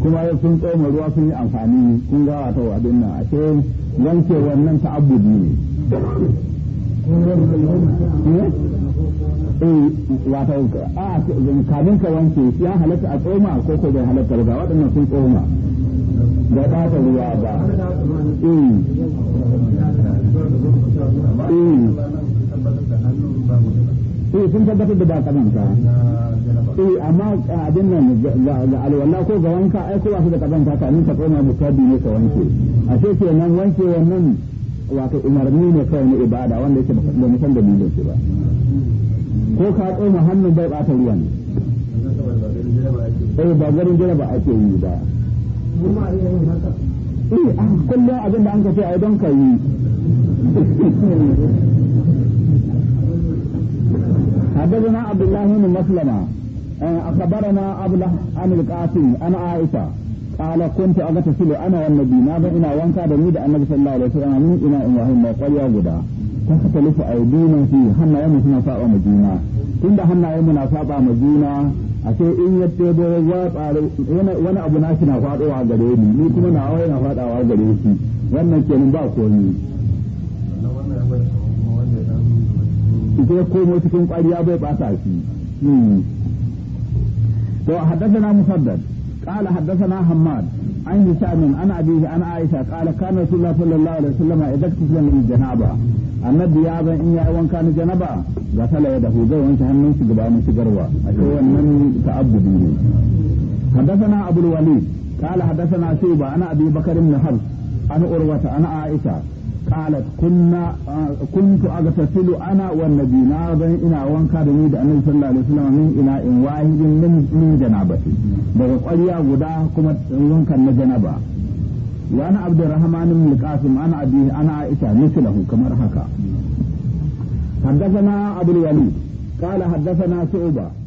kuma ya sun tsoma ruwa sun yi amfani kun gawa ta abin nan ashe wanke wannan ta'abbudi ne eh wato a kamin ka wanke ya halatta a tsoma ko ko bai halatta ba waɗannan sun tsoma da ɓata ruwa ba eh. Eh. eh sun tabbatar da ba kazanta eh amma abin nan ga alwala ko ga wanka ai ko ba su da kazanta ka ka tsoma mutabi ne ka wanke ashe nan wanke wannan wato umarni ne kawai na ibada wanda yake da musan dalilin shi ba ko ka tsoma hannun bai bata ruwan eh ba garin jira ba ake yi ba eh a kullum abin da an ka ce ai don ka yi حدثنا عبد الله بن مسلمة أخبرنا أبله عن القاسم عن عائشة قال كنت أغتسل أنا والنبي ما بين وانكا دميد النبي صلى الله عليه وسلم من إناء واحد وقال يا غدا tattalisu a yi dunan fi mu suna saba ma juna tun da hannaye muna saba ma zina a ce in ya tebo ya tsari wani abu na shi na faɗowa gare ni ni kuma na awai na faɗawa gare shi wannan kenan ba komi. Ike komo cikin ƙwariya bai ɓata shi. Hmm. To haddasa na قال حدثنا حماد عن هشام عن ابيه عن عائشه قال كان رسول الله صلى الله عليه وسلم اذا اكتسب من الجنابه annabi ya ban in ya yi wanka na janaba ga ya da zai wanke hannun shi gaba mun shigarwa a ce wannan ta'abbudi ne na abul walid qala haddathana shuba ana abi bakr ibn harb an urwata ana aisha qalat kunna kuntu agtasilu ana wan nabi na ban ina wanka da ni da annabi sallallahu alaihi wasallam min ina in wahidin min janabati daga ƙwarya guda kuma wankan na janaba وانا عبد الرحمن بن القاسم انا ابي انا عائشه مثله كما حكى حدثنا ابو الوليد قال حدثنا شعبه